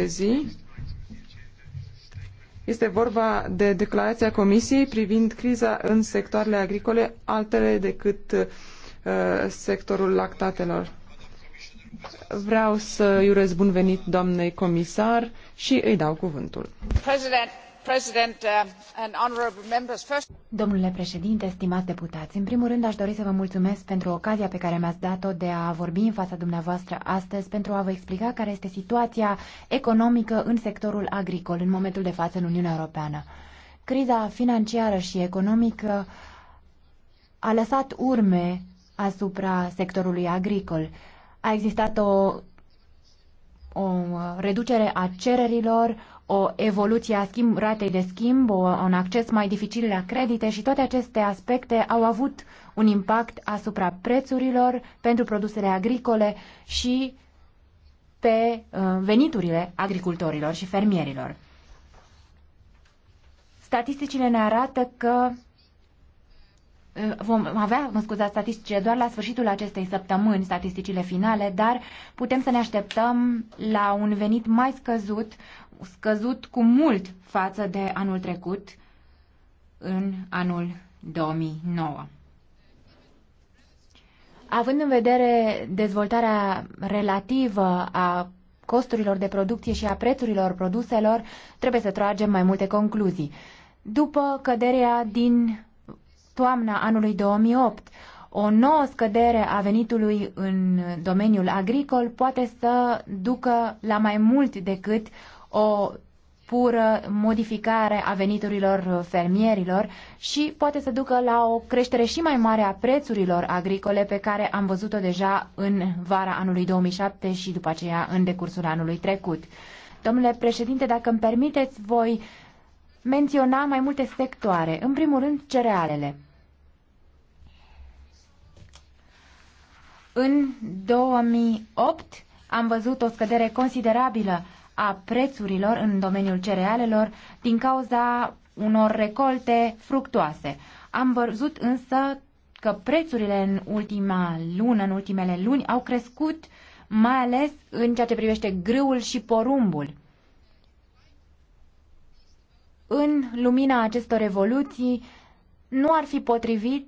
zi. Este vorba de declarația Comisiei privind criza în sectoarele agricole altele decât uh, sectorul lactatelor. Vreau să-i urez bun venit doamnei comisar și îi dau cuvântul. President. Uh, Domnule președinte, stimați deputați, în primul rând aș dori să vă mulțumesc pentru ocazia pe care mi-ați dat-o de a vorbi în fața dumneavoastră astăzi pentru a vă explica care este situația economică în sectorul agricol în momentul de față în Uniunea Europeană. Criza financiară și economică a lăsat urme asupra sectorului agricol. A existat o, o reducere a cererilor, o evoluție a schimb, ratei de schimb, o, un acces mai dificil la credite și toate aceste aspecte au avut un impact asupra prețurilor pentru produsele agricole și pe uh, veniturile agricultorilor și fermierilor. Statisticile ne arată că uh, vom avea, mă scuzați, statisticile doar la sfârșitul acestei săptămâni, statisticile finale, dar putem să ne așteptăm la un venit mai scăzut scăzut cu mult față de anul trecut, în anul 2009. Având în vedere dezvoltarea relativă a costurilor de producție și a prețurilor produselor, trebuie să tragem mai multe concluzii. După căderea din toamna anului 2008, o nouă scădere a venitului în domeniul agricol poate să ducă la mai mult decât o pură modificare a veniturilor fermierilor și poate să ducă la o creștere și mai mare a prețurilor agricole pe care am văzut-o deja în vara anului 2007 și după aceea în decursul anului trecut. Domnule președinte, dacă îmi permiteți, voi menționa mai multe sectoare. În primul rând, cerealele. În 2008 am văzut o scădere considerabilă a prețurilor în domeniul cerealelor din cauza unor recolte fructoase. Am văzut însă că prețurile în ultima lună, în ultimele luni, au crescut mai ales în ceea ce privește grâul și porumbul. În lumina acestor evoluții, nu ar fi potrivit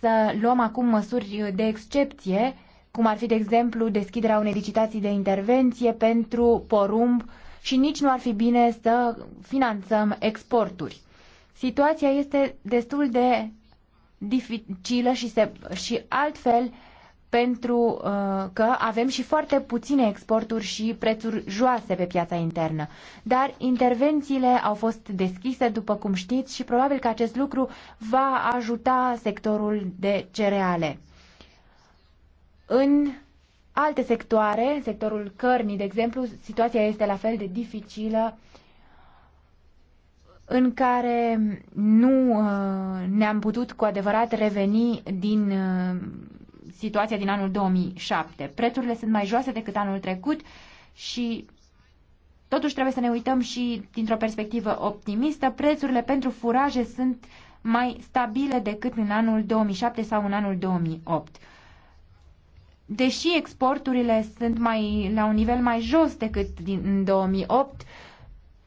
să luăm acum măsuri de excepție cum ar fi, de exemplu, deschiderea unei licitații de intervenție pentru porumb și nici nu ar fi bine să finanțăm exporturi. Situația este destul de dificilă și, se, și altfel pentru uh, că avem și foarte puține exporturi și prețuri joase pe piața internă. Dar intervențiile au fost deschise, după cum știți, și probabil că acest lucru va ajuta sectorul de cereale. În alte sectoare, în sectorul cărnii, de exemplu, situația este la fel de dificilă în care nu uh, ne-am putut cu adevărat reveni din uh, situația din anul 2007. Prețurile sunt mai joase decât anul trecut și totuși trebuie să ne uităm și dintr-o perspectivă optimistă. Prețurile pentru furaje sunt mai stabile decât în anul 2007 sau în anul 2008 deși exporturile sunt mai, la un nivel mai jos decât din 2008,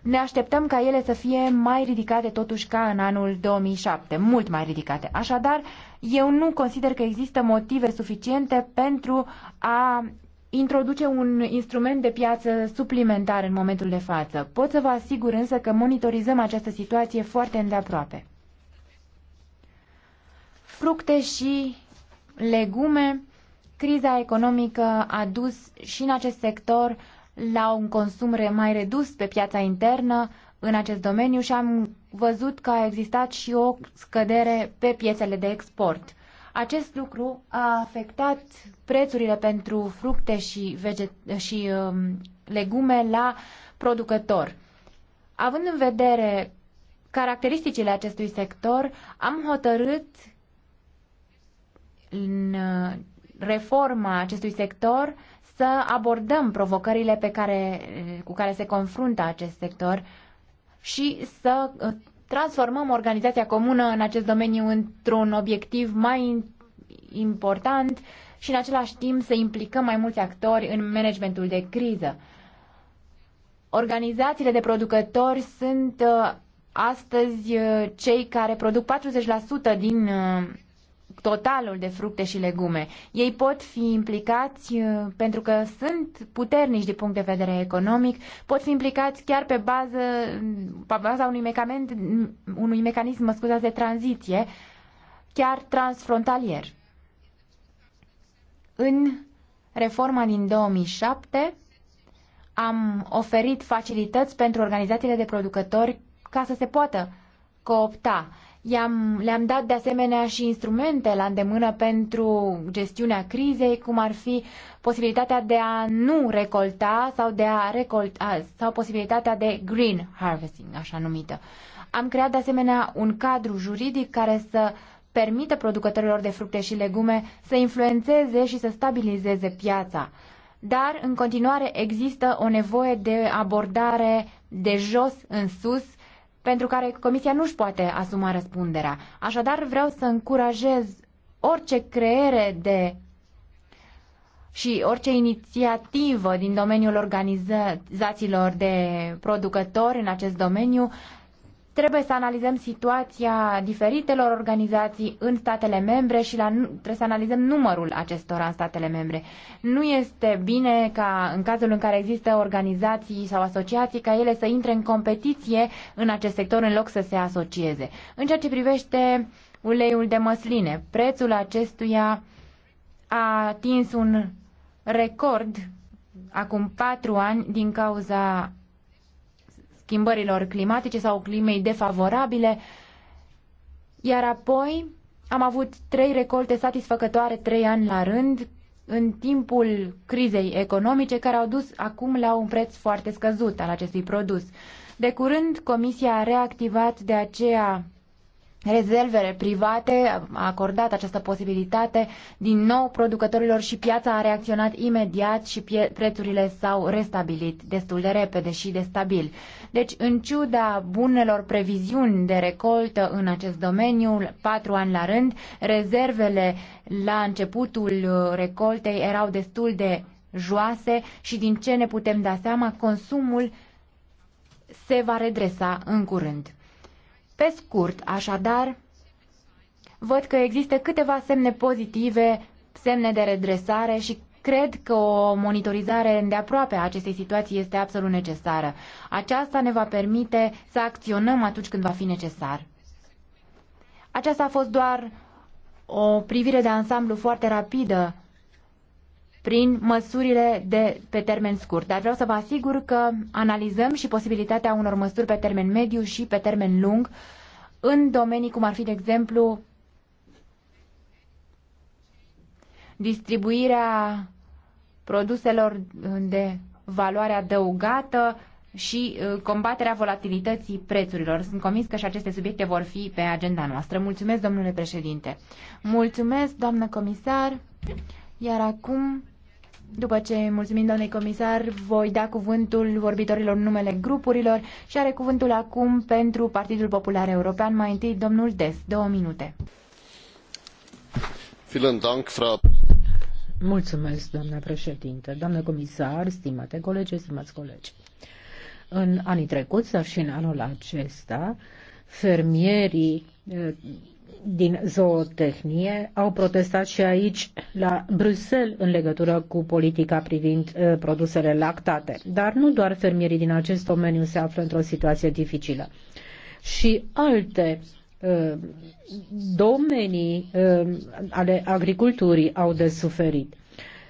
ne așteptăm ca ele să fie mai ridicate totuși ca în anul 2007, mult mai ridicate. Așadar, eu nu consider că există motive suficiente pentru a introduce un instrument de piață suplimentar în momentul de față. Pot să vă asigur însă că monitorizăm această situație foarte îndeaproape. Fructe și legume Criza economică a dus și în acest sector la un consum mai redus pe piața internă în acest domeniu și am văzut că a existat și o scădere pe piețele de export. Acest lucru a afectat prețurile pentru fructe și, veget- și um, legume la producător. Având în vedere caracteristicile acestui sector, am hotărât în reforma acestui sector să abordăm provocările pe care, cu care se confruntă acest sector și să uh, transformăm organizația comună în acest domeniu într-un obiectiv mai important și în același timp să implicăm mai mulți actori în managementul de criză. Organizațiile de producători sunt uh, astăzi uh, cei care produc 40% din totalul de fructe și legume. Ei pot fi implicați uh, pentru că sunt puternici din punct de vedere economic, pot fi implicați chiar pe bază pe baza unui, mecanism, unui mecanism mă scuzați, de tranziție, chiar transfrontalier. În reforma din 2007 am oferit facilități pentru organizațiile de producători ca să se poată coopta. I-am, le-am dat de asemenea și instrumente la îndemână pentru gestiunea crizei, cum ar fi posibilitatea de a nu recolta sau de a recolta sau posibilitatea de green harvesting, așa numită. Am creat de asemenea un cadru juridic care să permită producătorilor de fructe și legume să influențeze și să stabilizeze piața. Dar, în continuare, există o nevoie de abordare de jos în sus pentru care Comisia nu-și poate asuma răspunderea. Așadar, vreau să încurajez orice creere de și orice inițiativă din domeniul organizațiilor de producători în acest domeniu Trebuie să analizăm situația diferitelor organizații în statele membre și la, trebuie să analizăm numărul acestora în statele membre. Nu este bine ca în cazul în care există organizații sau asociații ca ele să intre în competiție în acest sector în loc să se asocieze. În ceea ce privește uleiul de măsline, prețul acestuia a atins un record acum patru ani din cauza schimbărilor climatice sau climei defavorabile, iar apoi am avut trei recolte satisfăcătoare trei ani la rând în timpul crizei economice care au dus acum la un preț foarte scăzut al acestui produs. De curând, Comisia a reactivat de aceea rezervele private a acordat această posibilitate din nou producătorilor și piața a reacționat imediat și prețurile s-au restabilit destul de repede și de stabil. Deci, în ciuda bunelor previziuni de recoltă în acest domeniu, patru ani la rând, rezervele la începutul recoltei erau destul de joase și din ce ne putem da seama, consumul se va redresa în curând. Pe scurt, așadar, văd că există câteva semne pozitive, semne de redresare și Cred că o monitorizare îndeaproape a acestei situații este absolut necesară. Aceasta ne va permite să acționăm atunci când va fi necesar. Aceasta a fost doar o privire de ansamblu foarte rapidă prin măsurile de, pe termen scurt. Dar vreau să vă asigur că analizăm și posibilitatea unor măsuri pe termen mediu și pe termen lung în domenii cum ar fi, de exemplu, distribuirea produselor de valoare adăugată și uh, combaterea volatilității prețurilor. Sunt convins că și aceste subiecte vor fi pe agenda noastră. Mulțumesc, domnule președinte. Mulțumesc, doamnă comisar. Iar acum după ce, mulțumim domnului comisar, voi da cuvântul vorbitorilor numele grupurilor și are cuvântul acum pentru Partidul Popular European, mai întâi domnul Des, două minute. Mulțumesc, doamna președinte, doamnă comisar, stimate colegi, stimați colegi. În anii trecuți, dar și în anul acesta, fermierii eh, din zootehnie au protestat și aici la Bruxelles în legătură cu politica privind uh, produsele lactate. Dar nu doar fermierii din acest domeniu se află într-o situație dificilă. Și alte uh, domenii uh, ale agriculturii au de suferit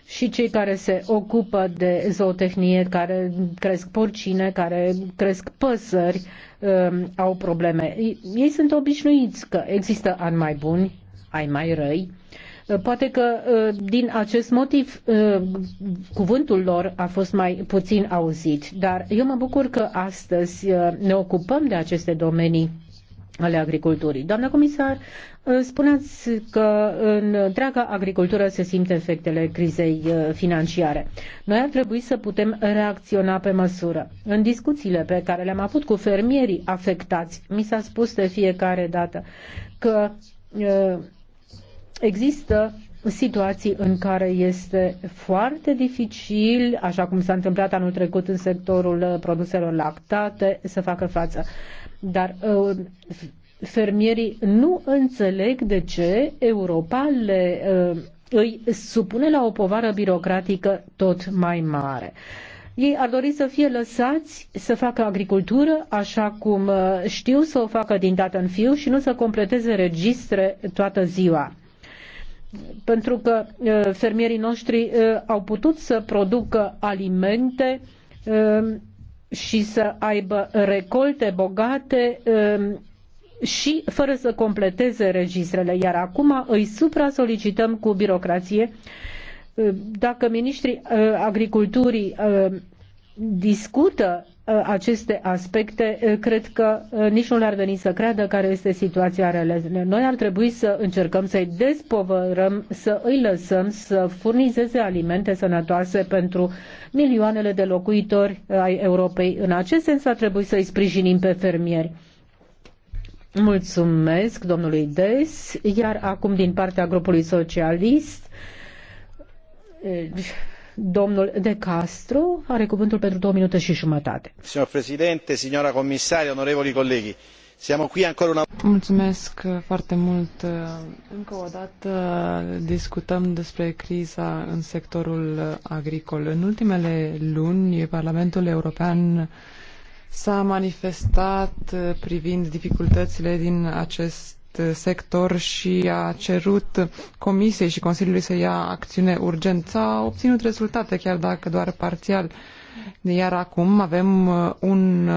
și cei care se ocupă de zootehnie, care cresc porcine, care cresc păsări, um, au probleme. Ei sunt obișnuiți că există ani mai buni, ai mai răi. Uh, poate că uh, din acest motiv uh, cuvântul lor a fost mai puțin auzit, dar eu mă bucur că astăzi ne ocupăm de aceste domenii ale agriculturii. Doamna comisar, Spuneți că în întreaga agricultură se simt efectele crizei uh, financiare. Noi ar trebui să putem reacționa pe măsură. În discuțiile pe care le-am avut cu fermierii afectați, mi s-a spus de fiecare dată că uh, există situații în care este foarte dificil, așa cum s-a întâmplat anul trecut în sectorul uh, produselor lactate, să facă față. Dar fermierii nu înțeleg de ce Europa le, uh, îi supune la o povară birocratică tot mai mare. Ei ar dori să fie lăsați să facă agricultură așa cum uh, știu să o facă din dată în fiu și nu să completeze registre toată ziua pentru că uh, fermierii noștri au putut să producă alimente și să aibă recolte bogate și fără să completeze registrele, iar acum îi supra-solicităm cu birocrație. Uh, dacă ministrii uh, agriculturii uh, discută aceste aspecte, cred că nici nu le-ar veni să creadă care este situația reală. Noi ar trebui să încercăm să-i despovărăm, să îi lăsăm să furnizeze alimente sănătoase pentru milioanele de locuitori ai Europei. În acest sens ar trebui să-i sprijinim pe fermieri. Mulțumesc domnului Des, iar acum din partea grupului socialist, domnul De Castro are cuvântul pentru două minute și jumătate. Signor președinte, signora comisario, onorevoli colegi, siamo qui ancora una... Mulțumesc foarte mult. Încă o dată discutăm despre criza în sectorul agricol. În ultimele luni, Parlamentul European s-a manifestat uh, privind dificultățile din acest uh, sector și a cerut Comisiei și Consiliului să ia acțiune urgent. S-a obținut rezultate, chiar dacă doar parțial. Iar acum avem uh, un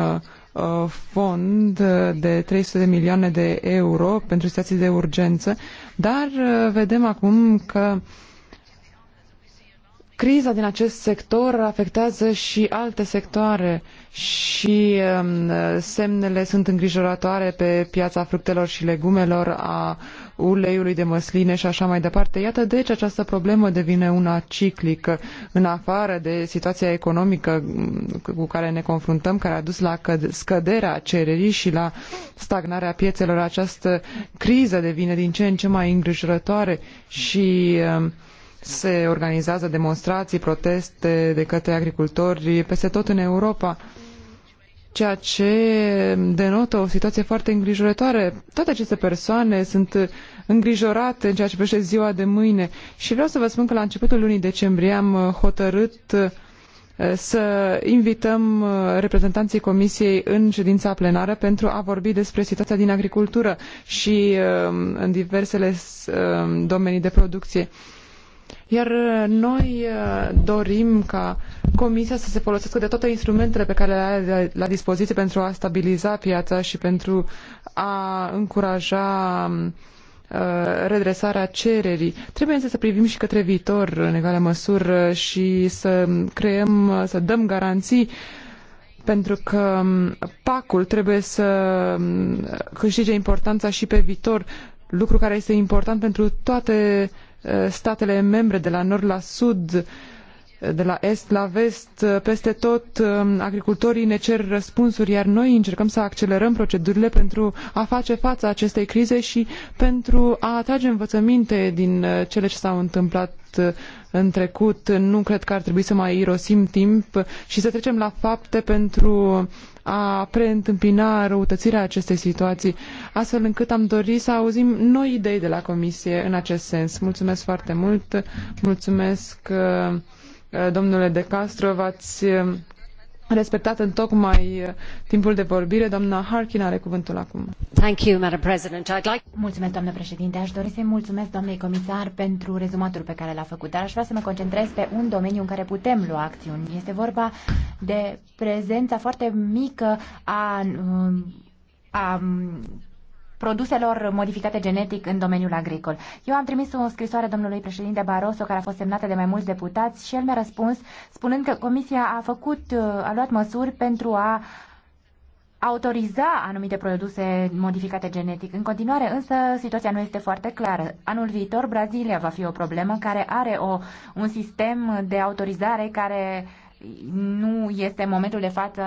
fond de 300 de milioane de euro pentru situații de urgență, dar vedem acum că uh, criza din acest sector afectează și alte sectoare și um, semnele sunt îngrijorătoare pe piața fructelor și legumelor, a uleiului de măsline și așa mai departe. Iată deci această problemă devine una ciclică în afară de situația economică um, cu care ne confruntăm, care a dus la scăderea cererii și la stagnarea piețelor. Această criză devine din ce în ce mai îngrijorătoare și um, se organizează demonstrații, proteste de către agricultori peste tot în Europa, ceea ce denotă o situație foarte îngrijorătoare. Toate aceste persoane sunt îngrijorate în ceea ce privește ziua de mâine și vreau să vă spun că la începutul lunii decembrie am hotărât eh, să invităm eh, reprezentanții Comisiei în ședința plenară pentru a vorbi despre situația din agricultură și eh, în diversele domenii de producție. Iar uh, noi uh, dorim ca Comisia să se folosească de toate instrumentele pe care le are la dispoziție pentru a stabiliza piața și pentru a încuraja um, uh, redresarea cererii. Trebuie însă să privim și către viitor în egală măsură și să creăm, să dăm garanții pentru că um, pacul trebuie să um, câștige importanța și pe viitor, lucru care este important pentru toate statele membre de la nord la sud de la est la vest, peste tot um, agricultorii ne cer răspunsuri, iar noi încercăm să accelerăm procedurile pentru a face față acestei crize și pentru a atrage învățăminte din uh, cele ce s-au întâmplat uh, în trecut. Nu cred că ar trebui să mai irosim timp și să trecem la fapte pentru a preîntâmpina răutățirea acestei situații, astfel încât am dori să auzim noi idei de la Comisie în acest sens. Mulțumesc foarte mult, mulțumesc uh, Eh, domnule De Castro, v-ați eh, respectat în tocmai eh, timpul de vorbire. Doamna Harkin are cuvântul acum. Thank you, Madam President. I'd like... Mulțumesc, doamnă președinte. Aș dori să-i mulțumesc doamnei comisar pentru rezumatul pe care l-a făcut, dar aș vrea să mă concentrez pe un domeniu în care putem lua acțiuni. Este vorba de prezența foarte mică a, mm, a produselor modificate genetic în domeniul agricol. Eu am trimis o scrisoare domnului președinte Barroso, care a fost semnată de mai mulți deputați și el mi-a răspuns spunând că Comisia a făcut, a luat măsuri pentru a autoriza anumite produse modificate genetic. În continuare, însă, situația nu este foarte clară. Anul viitor, Brazilia va fi o problemă care are o, un sistem de autorizare care uh, nu este momentul de față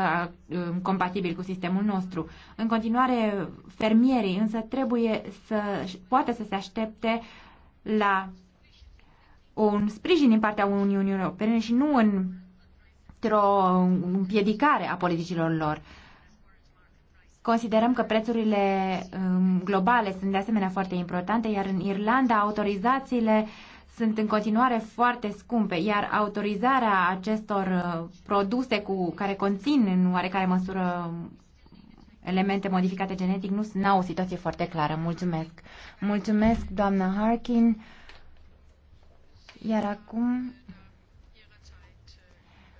uh, compatibil cu sistemul nostru. În continuare, fermierii însă trebuie să poată să se aștepte la un sprijin din partea Uniunii Europene și nu în o împiedicare a politicilor lor. Considerăm că prețurile um, globale sunt de asemenea foarte importante, iar în Irlanda autorizațiile uh, sunt în continuare foarte scumpe, iar autorizarea acestor uh, produse cu, care conțin în oarecare măsură elemente modificate genetic nu sunt au o situație foarte clară. Mulțumesc. Mulțumesc, doamna Harkin. Iar acum,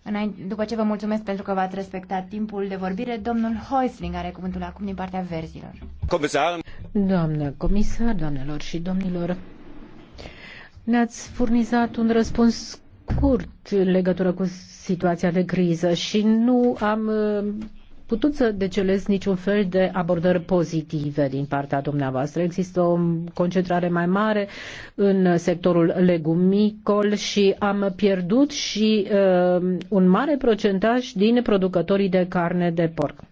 înainte, după ce vă mulțumesc pentru că v-ați respectat timpul de vorbire, domnul Heusling are cuvântul acum din partea verzilor. Comisar. Doamnă comisar, doamnelor și domnilor, ne-ați furnizat un răspuns scurt în legătură cu situația de criză și nu am uh, putut să decelez niciun fel de abordări pozitive din partea dumneavoastră. Există o concentrare mai mare în sectorul legumicol și am pierdut și uh, un mare procentaj din producătorii de carne de porc.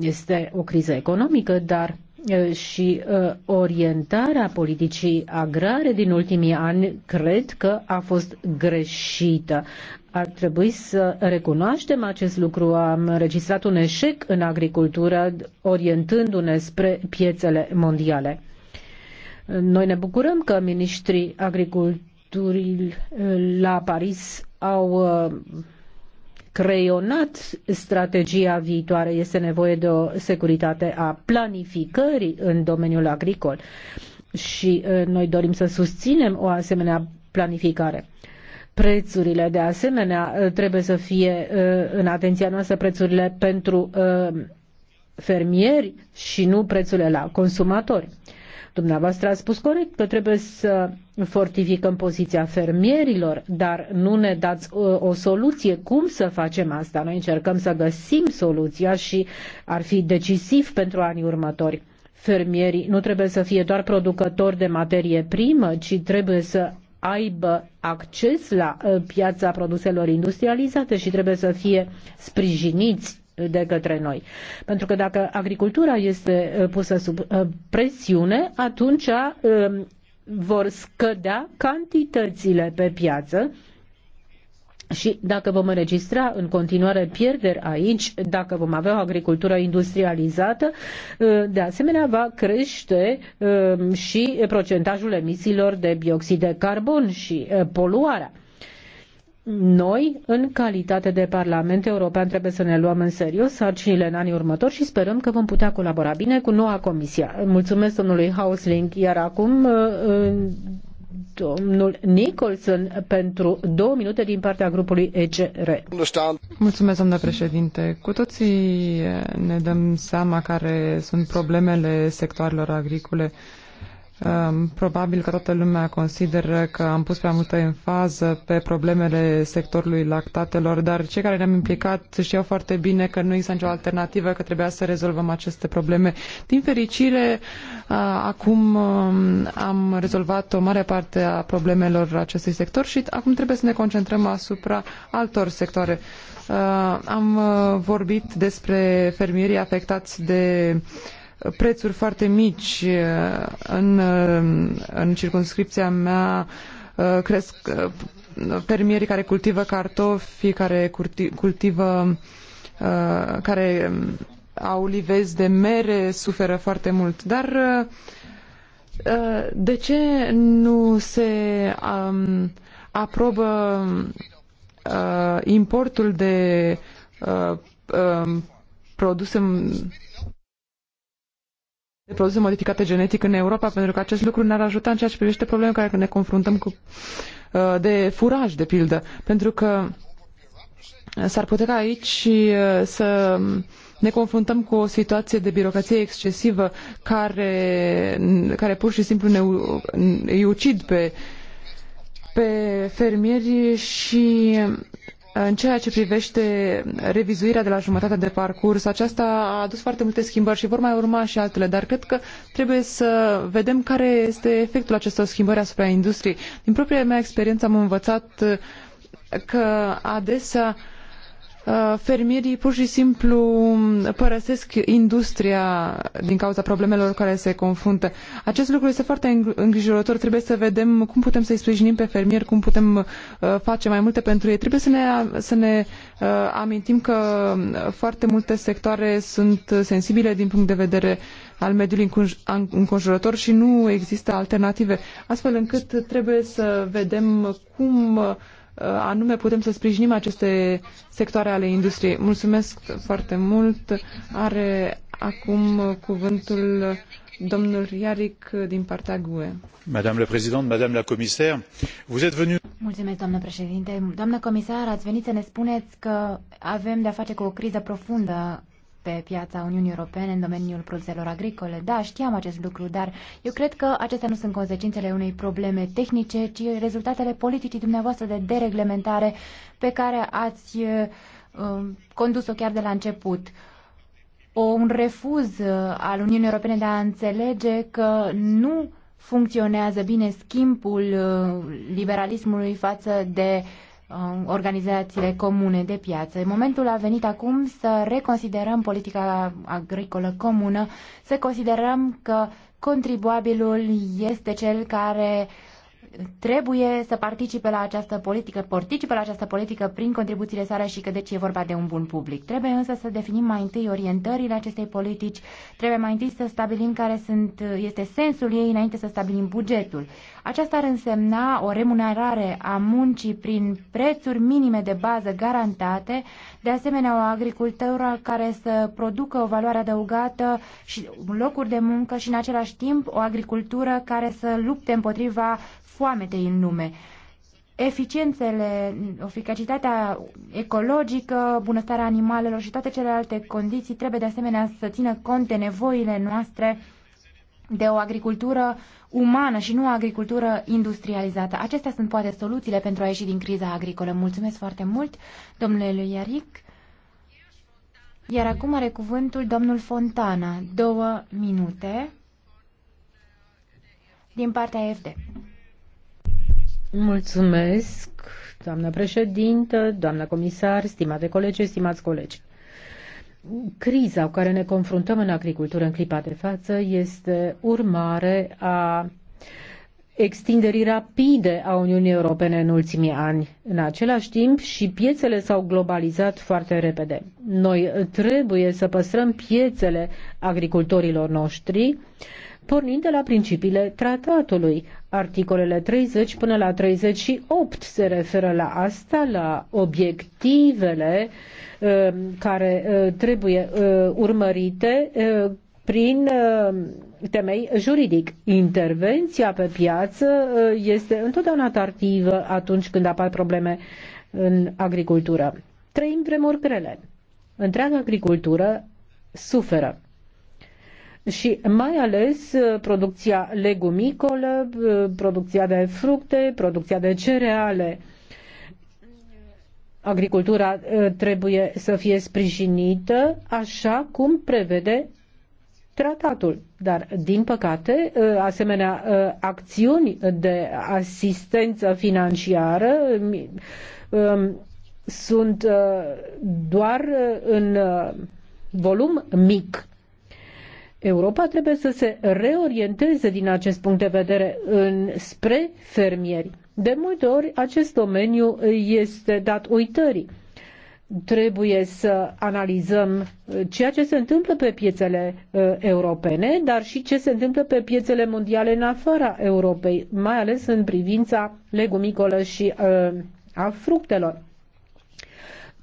Este o criză economică, dar Eh, și eh, orientarea politicii agrare din ultimii ani cred că a fost greșită. Ar trebui să recunoaștem acest lucru. Am registrat un eșec în agricultură orientându-ne spre piețele mondiale. Noi ne bucurăm că ministrii agriculturii eh, la Paris au creionat strategia viitoare. Este nevoie de o securitate a planificării în domeniul agricol și noi dorim să susținem o asemenea planificare. Prețurile, de asemenea, trebuie să fie în atenția noastră prețurile pentru fermieri și nu prețurile la consumatori. Dumneavoastră a spus corect că trebuie să fortificăm poziția fermierilor, dar nu ne dați o, uh, o soluție. Cum să facem asta? Noi încercăm să găsim soluția și ar fi decisiv pentru anii următori. Fermierii nu trebuie să fie doar producători de materie primă, ci trebuie să aibă acces la uh, piața produselor industrializate și trebuie să fie sprijiniți de către noi. Pentru că dacă agricultura este uh, pusă sub uh, presiune, atunci uh, vor scădea cantitățile pe piață și dacă vom înregistra în continuare pierderi aici, dacă vom avea o agricultură industrializată, de asemenea va crește și procentajul emisiilor de bioxid de carbon și poluarea noi, în calitate de Parlament European, trebuie să ne luăm în serios sarcinile în anii următori și sperăm că vom putea colabora bine cu noua comisie. Mulțumesc domnului Hausling, iar acum uh, domnul Nicholson pentru două minute din partea grupului ECR. Mulțumesc, domnule președinte. Cu toții ne dăm seama care sunt problemele sectoarelor agricole Ehm, probabil că toată lumea consideră că am pus prea multă enfază pe problemele sectorului lactatelor, dar cei care ne-am implicat știau foarte bine că nu există nicio alternativă, că trebuia să rezolvăm aceste probleme. Din fericire, acum ehm, am rezolvat o mare parte a problemelor acestui sector și acum trebuie să ne concentrăm asupra altor sectoare. Am ehm, vorbit despre fermierii afectați de uh, prețuri foarte mici. Uh, în, uh, în circunscripția mea uh, cresc fermierii care cultivă cartofi, care cultivă, care um, au livezi de mere, suferă foarte mult. Dar de ce nu se um, aprobă uh, importul de uh, uh, um, produse de produse modificate genetic în Europa, pentru că acest lucru ne-ar ajuta în ceea ce privește probleme care ne confruntăm cu uh, de furaj, de pildă, pentru că uh, s-ar putea ca aici uh, să ne confruntăm cu o situație de birocrație excesivă care, care pur și simplu ne, îi ucid pe, pe fermieri și în ceea ce privește revizuirea de la jumătatea de parcurs, aceasta a adus foarte multe schimbări și vor mai urma și altele, dar cred că trebuie să vedem care este efectul acestor schimbări asupra industriei. Din propria mea experiență am învățat că adesea Uh, fermierii pur și simplu părăsesc industria din cauza problemelor care se confruntă. Acest lucru este foarte îngrijorător. Trebuie să vedem cum putem să-i sprijinim pe fermieri, cum putem uh, face mai multe pentru ei. Trebuie să ne, să ne uh, amintim că foarte multe sectoare sunt sensibile din punct de vedere al mediului înconjurător și nu există alternative, astfel încât trebuie să vedem cum anume putem să sprijinim aceste sectoare ale industriei. Mulțumesc foarte mult. Are acum cuvântul domnul Iaric din partea GUE. Madame la Présidente, Madame la Commissaire, vous êtes venu... Mulțumesc, doamnă președinte. Doamnă comisar, ați venit să ne spuneți că avem de-a face cu o criză profundă pe piața Uniunii Europene în domeniul produselor agricole. Da, știam acest lucru, dar eu cred că acestea nu sunt consecințele unei probleme tehnice, ci rezultatele politicii dumneavoastră de dereglementare pe care ați uh, um, condus-o chiar de la început. O, un refuz uh, al Uniunii Europene de a înțelege că nu funcționează bine schimbul uh, liberalismului față de uh, Um, organizațiile comune de piață. Momentul a venit acum să reconsiderăm politica agricolă comună, să considerăm că contribuabilul este cel care uh, trebuie să participe la această politică, participă la această politică prin contribuțiile sale și că deci e vorba de un bun public. Trebuie însă să definim mai întâi orientările acestei politici, trebuie mai întâi să stabilim care sunt, este sensul ei înainte să stabilim bugetul. Aceasta ar însemna o remunerare a muncii prin prețuri minime de bază garantate, de asemenea o agricultură care să producă o valoare adăugată și locuri de muncă și în același timp o agricultură care să lupte împotriva foamete în lume. Eficiențele, eficacitatea ecologică, bunăstarea animalelor și toate celelalte condiții trebuie de asemenea să țină cont de nevoile noastre de o agricultură umană și nu o agricultură industrializată. Acestea sunt poate soluțiile pentru a ieși din criza agricolă. Mulțumesc foarte mult, domnule lui Iaric. Iar acum are cuvântul domnul Fontana. Două minute din partea FD. Mulțumesc, doamnă președintă, doamnă comisar, stimate colegi, stimați colegi. Criza cu care ne confruntăm în agricultură în clipa de față este urmare a extinderii rapide a Uniunii Europene în ultimii ani. În același timp și piețele s-au globalizat foarte repede. Noi trebuie să păstrăm piețele agricultorilor noștri, uh, pornind de la principiile tratatului. Articolele 30 până la 38 se referă la asta, la obiectivele uh, care uh, trebuie uh, urmărite uh, prin uh, temei juridic. Intervenția pe piață uh, este întotdeauna tardivă atunci când apar probleme în agricultură. Trăim vremuri grele. Întreaga agricultură suferă și mai ales uh, producția legumicolă, uh, producția de fructe, producția de cereale. Agricultura uh, trebuie să fie sprijinită așa cum prevede tratatul. Dar, din păcate, asemenea acțiuni de asistență financiară um, sunt doar în volum mic Europa trebuie să se reorienteze din acest punct de vedere în, spre fermieri. De multe ori acest domeniu este dat uitării. Trebuie să analizăm uh, ceea ce se întâmplă pe piețele uh, europene, dar și ce se întâmplă pe piețele mondiale în afara Europei, mai ales în privința legumicolă și uh, a fructelor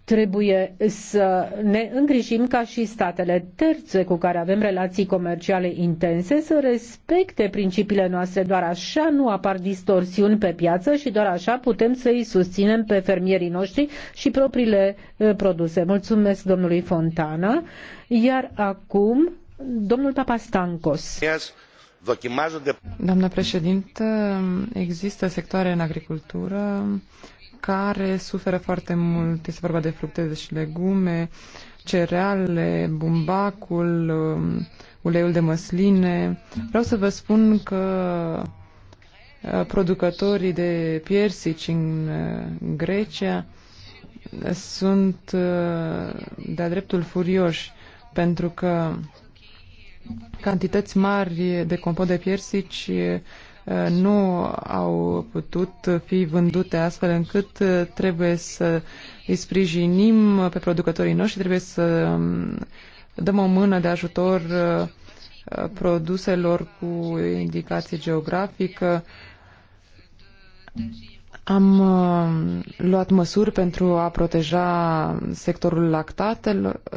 trebuie să ne îngrijim ca și statele terțe cu care avem relații comerciale intense să respecte principiile noastre. Doar așa nu apar distorsiuni pe piață și doar așa putem să îi susținem pe fermierii noștri și propriile eh, produse. Mulțumesc domnului Fontana. Iar acum, domnul Papastancos. Yes. Doamnă președintă, există sectoare în agricultură care suferă foarte mult. Este vorba de fructe și legume, cereale, bumbacul, um, uleiul de măsline. Vreau să vă spun că uh, producătorii de piersici în uh, Grecia sunt uh, de-a dreptul furioși pentru că cantități mari de compot de piersici nu au putut fi vândute astfel încât uh, trebuie să îi sprijinim pe producătorii noștri, trebuie să um, dăm o mână de ajutor uh, produselor cu indicație geografică. Am um, luat măsuri pentru a proteja sectorul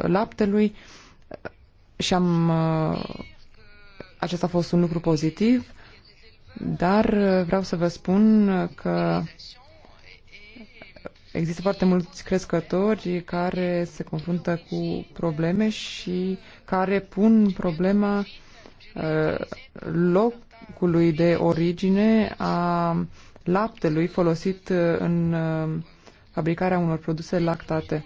laptelui și am uh, acesta a fost un lucru pozitiv dar uh, vreau să vă spun că există foarte mulți crescători care se confruntă cu probleme și care pun problema uh, locului de origine a laptelui folosit uh, în fabricarea unor produse lactate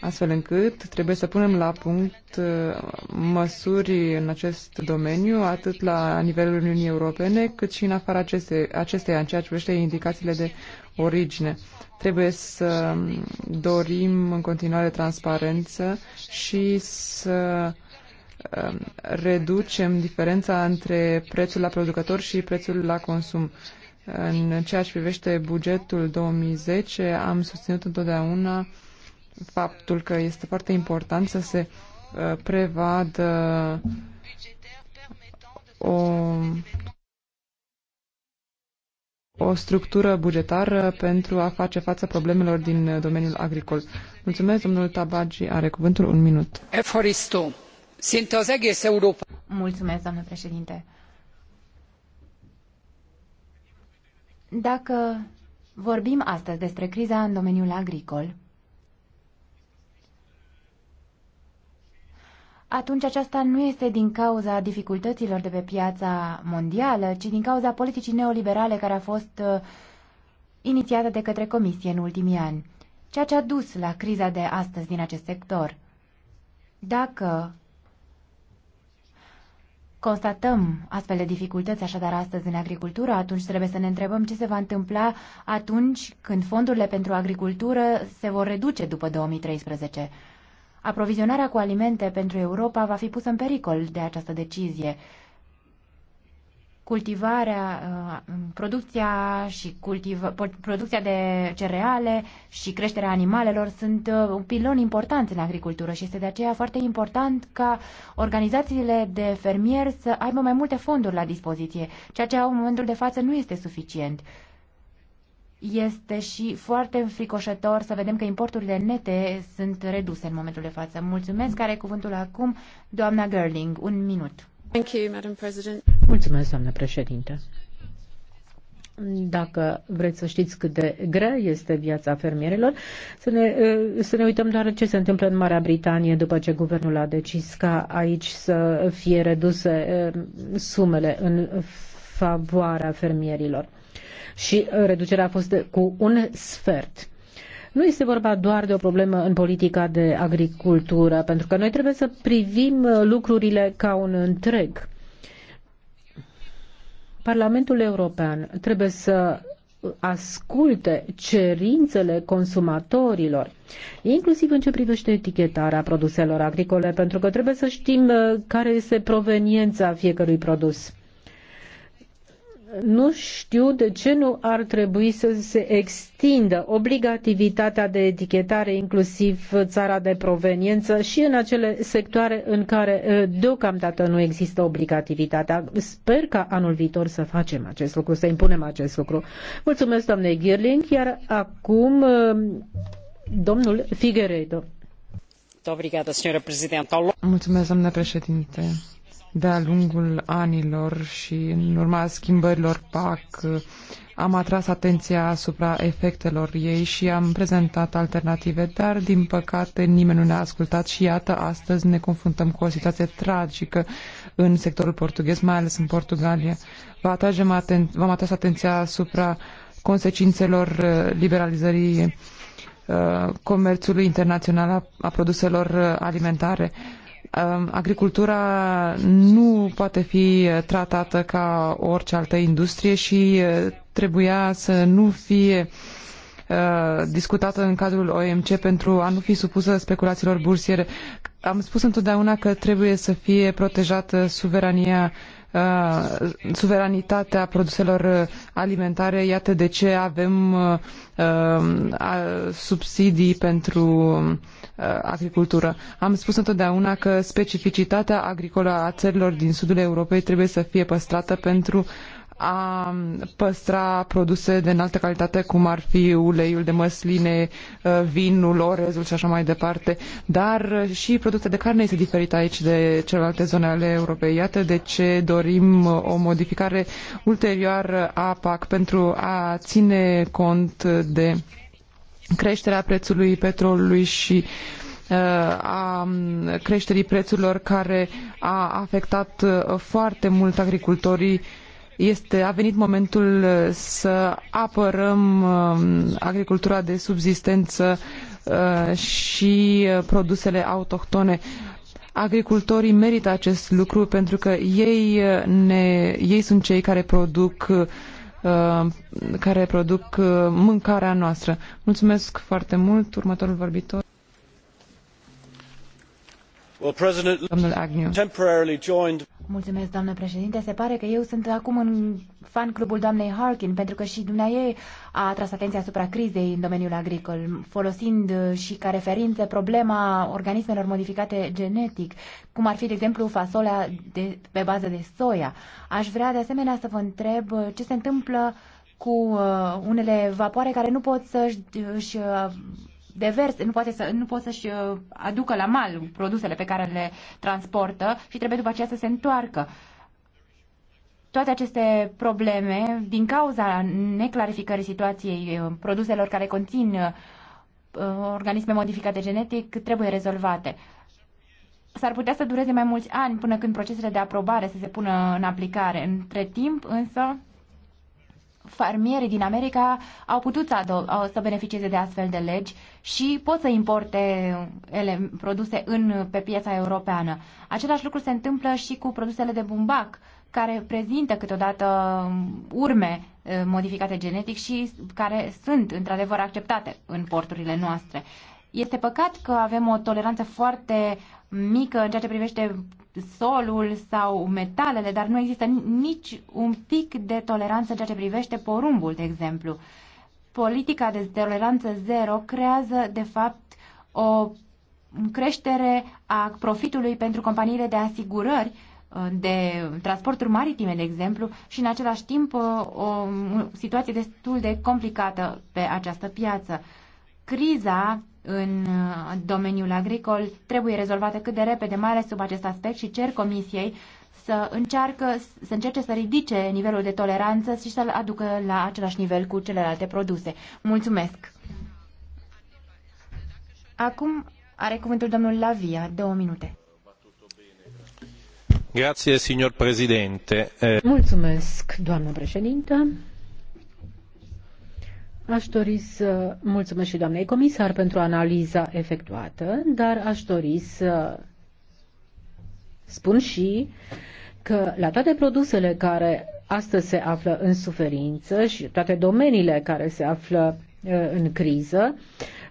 astfel încât trebuie să punem la punct uh, măsuri în acest domeniu, atât la nivelul Uniunii Europene, cât și în afara acestei acesteia, în ceea ce privește indicațiile de origine. Trebuie să dorim în continuare transparență și să um, reducem diferența între prețul la producător și prețul la consum. În ceea ce privește bugetul 2010, am susținut întotdeauna uh, faptul că este foarte important să se uh, prevadă o, o structură bugetară pentru a face față problemelor din domeniul agricol. Mulțumesc, domnul Tabagi, are cuvântul un minut. Mulțumesc, doamnă președinte. Dacă vorbim astăzi despre criza în domeniul agricol, atunci aceasta nu este din cauza dificultăților de pe piața mondială, ci din cauza politicii neoliberale care a fost uh, inițiată de către Comisie în ultimii ani, ceea ce a dus la criza de astăzi din acest sector. Dacă constatăm astfel de dificultăți așadar astăzi în agricultură, atunci trebuie să ne întrebăm ce se va întâmpla atunci când fondurile pentru agricultură se vor reduce după 2013. Aprovizionarea cu alimente pentru Europa va fi pusă în pericol de această decizie. Cultivarea, uh, producția și cultiva, producția de cereale și creșterea animalelor sunt uh, un pilon important în agricultură și este de aceea foarte important ca organizațiile de fermieri să aibă mai multe fonduri la dispoziție, ceea ce au în momentul de față nu este suficient este și foarte înfricoșător să vedem că importurile nete sunt reduse în momentul de față. Mulțumesc. Are cuvântul acum doamna Gerling. Un minut. Thank you, Madam President. Mulțumesc, doamnă președinte. Dacă vreți să știți cât de grea este viața fermierilor, să ne, eh, să ne uităm doar ce se întâmplă în Marea Britanie după ce guvernul a decis ca aici să fie reduse eh, sumele în favoarea fermierilor și uh, reducerea a fost cu un sfert. Nu este vorba doar de o problemă în politica de agricultură, pentru că noi trebuie să privim uh, lucrurile ca un întreg. Parlamentul European trebuie să asculte cerințele consumatorilor, inclusiv în ce privește etichetarea produselor agricole, pentru că trebuie să știm uh, care este proveniența fiecărui produs nu știu de ce nu ar trebui să se extindă obligativitatea de etichetare inclusiv țara de proveniență și în acele sectoare în care deocamdată nu există obligativitatea. Sper ca anul viitor să facem acest lucru, să impunem acest lucru. Mulțumesc, doamne Girling, iar acum domnul Figueredo. Mulțumesc, doamne președinte de-a lungul anilor și în urma schimbărilor PAC am atras atenția asupra efectelor ei și am prezentat alternative, dar din păcate nimeni nu ne-a ascultat și iată astăzi ne confruntăm cu o situație tragică în sectorul portughez, mai ales în Portugalia. Vă atragem aten- v-am atras atenția asupra consecințelor uh, liberalizării uh, comerțului internațional a, a produselor uh, alimentare. Ehm, agricultura nu poate fi tratată ca orice altă industrie și eh, trebuia să nu fie uh, Uh, discutată în cadrul OMC pentru a nu fi supusă speculațiilor bursiere. Am spus întotdeauna că trebuie să fie protejată suverania uh, suveranitatea produselor alimentare. Iată de ce avem uh, uh, subsidii pentru uh, agricultură. Am spus întotdeauna că specificitatea agricolă a țărilor din sudul Europei trebuie să fie păstrată pentru a păstra produse de înaltă calitate, cum ar fi uleiul de măsline, uh, vinul, orezul și așa mai departe, dar uh, și produse de carne este diferit aici de celelalte zone ale Europei. Iată de ce dorim uh, o modificare ulterioară a PAC pentru a ține cont de creșterea prețului petrolului și a um, creșterii prețurilor care a afectat foarte mult agricultorii este, a venit momentul uh, să apărăm um, agricultura de subzistență uh, și uh, produsele autohtone. Agricultorii merită acest lucru pentru că ei, ne, ei sunt cei care produc care produc mâncarea noastră. Mulțumesc foarte mult. Următorul vorbitor. Well, President, temporarily joined Mulțumesc, doamnă președinte. Se pare că eu sunt acum în fan clubul doamnei Harkin, pentru că și dumneaei a atras atenția asupra crizei în domeniul agricol, folosind uh, și ca referință problema organismelor modificate genetic, cum ar fi, de exemplu, fasolea de, pe bază de soia. Aș vrea, de asemenea, să vă întreb uh, ce se întâmplă cu uh, unele vapoare care nu pot să-și vers, nu, poate să, nu pot să-și uh, aducă la mal produsele pe care le transportă și trebuie după aceea să se întoarcă toate aceste probleme, din cauza neclarificării situației uh, produselor care conțin uh, organisme modificate genetic, trebuie rezolvate. S-ar putea să dureze mai mulți ani până când procesele de aprobare să se pună în aplicare. Între timp, însă, Farmiere din America au putut să, să beneficieze de astfel de legi și pot să importe ele, produse în, pe piața europeană. Același lucru se întâmplă și cu produsele de bumbac, care prezintă câteodată urme eh, modificate genetic și care sunt într-adevăr acceptate în porturile noastre. Este păcat că avem o toleranță foarte mică în ceea ce privește solul sau metalele, dar nu există nici un pic de toleranță în ceea ce privește porumbul, de exemplu. Politica de toleranță zero creează, de fapt, o creștere a profitului pentru companiile de asigurări, de transporturi maritime, de exemplu, și în același timp o situație destul de complicată pe această piață. Criza în uh, domeniul agricol trebuie rezolvată cât de repede, mai ales sub acest aspect și cer Comisiei să, încearcă, să încerce să ridice nivelul de toleranță și să-l aducă la același nivel cu celelalte produse. Mulțumesc! Acum are cuvântul domnul Lavia, două minute. Grazie, signor Presidente. Eh, Mulțumesc, doamnă președintă. Aș dori să mulțumesc și doamnei comisar pentru analiza efectuată, dar aș dori să spun și că la toate produsele care astăzi se află în suferință și toate domeniile care se află uh, în criză,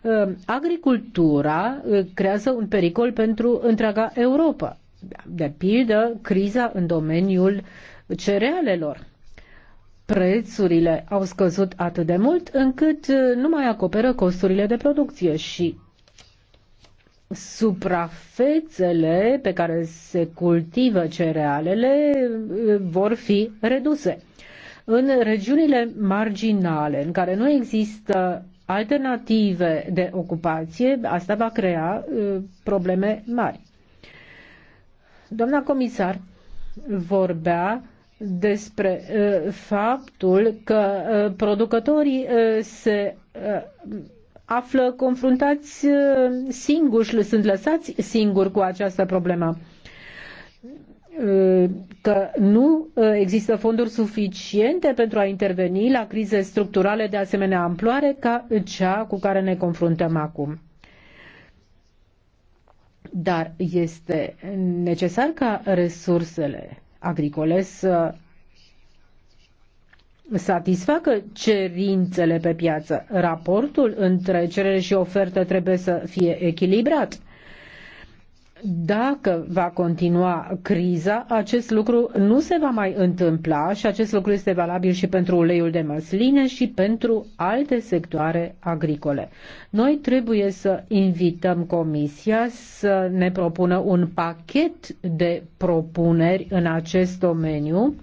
uh, agricultura uh, creează un pericol pentru întreaga Europa. De pildă, criza în domeniul cerealelor prețurile au scăzut atât de mult încât uh, nu mai acoperă costurile de producție și suprafețele pe care se cultivă cerealele uh, vor fi reduse. În regiunile marginale, în care nu există alternative de ocupație, asta va crea uh, probleme mari. Doamna comisar vorbea despre uh, faptul că uh, producătorii uh, se află confruntați singuri, sunt lăsați singuri cu această problemă că nu există fonduri suficiente pentru a interveni la crize structurale de asemenea amploare ca cea cu care ne confruntăm acum. Dar este necesar ca resursele agricole să satisfacă cerințele pe piață. Raportul între cerere și ofertă trebuie să fie echilibrat dacă va continua criza, acest lucru nu se va mai întâmpla și acest lucru este valabil și pentru uleiul de măsline și pentru alte sectoare agricole. Noi trebuie să invităm Comisia să ne propună un pachet de propuneri în acest domeniu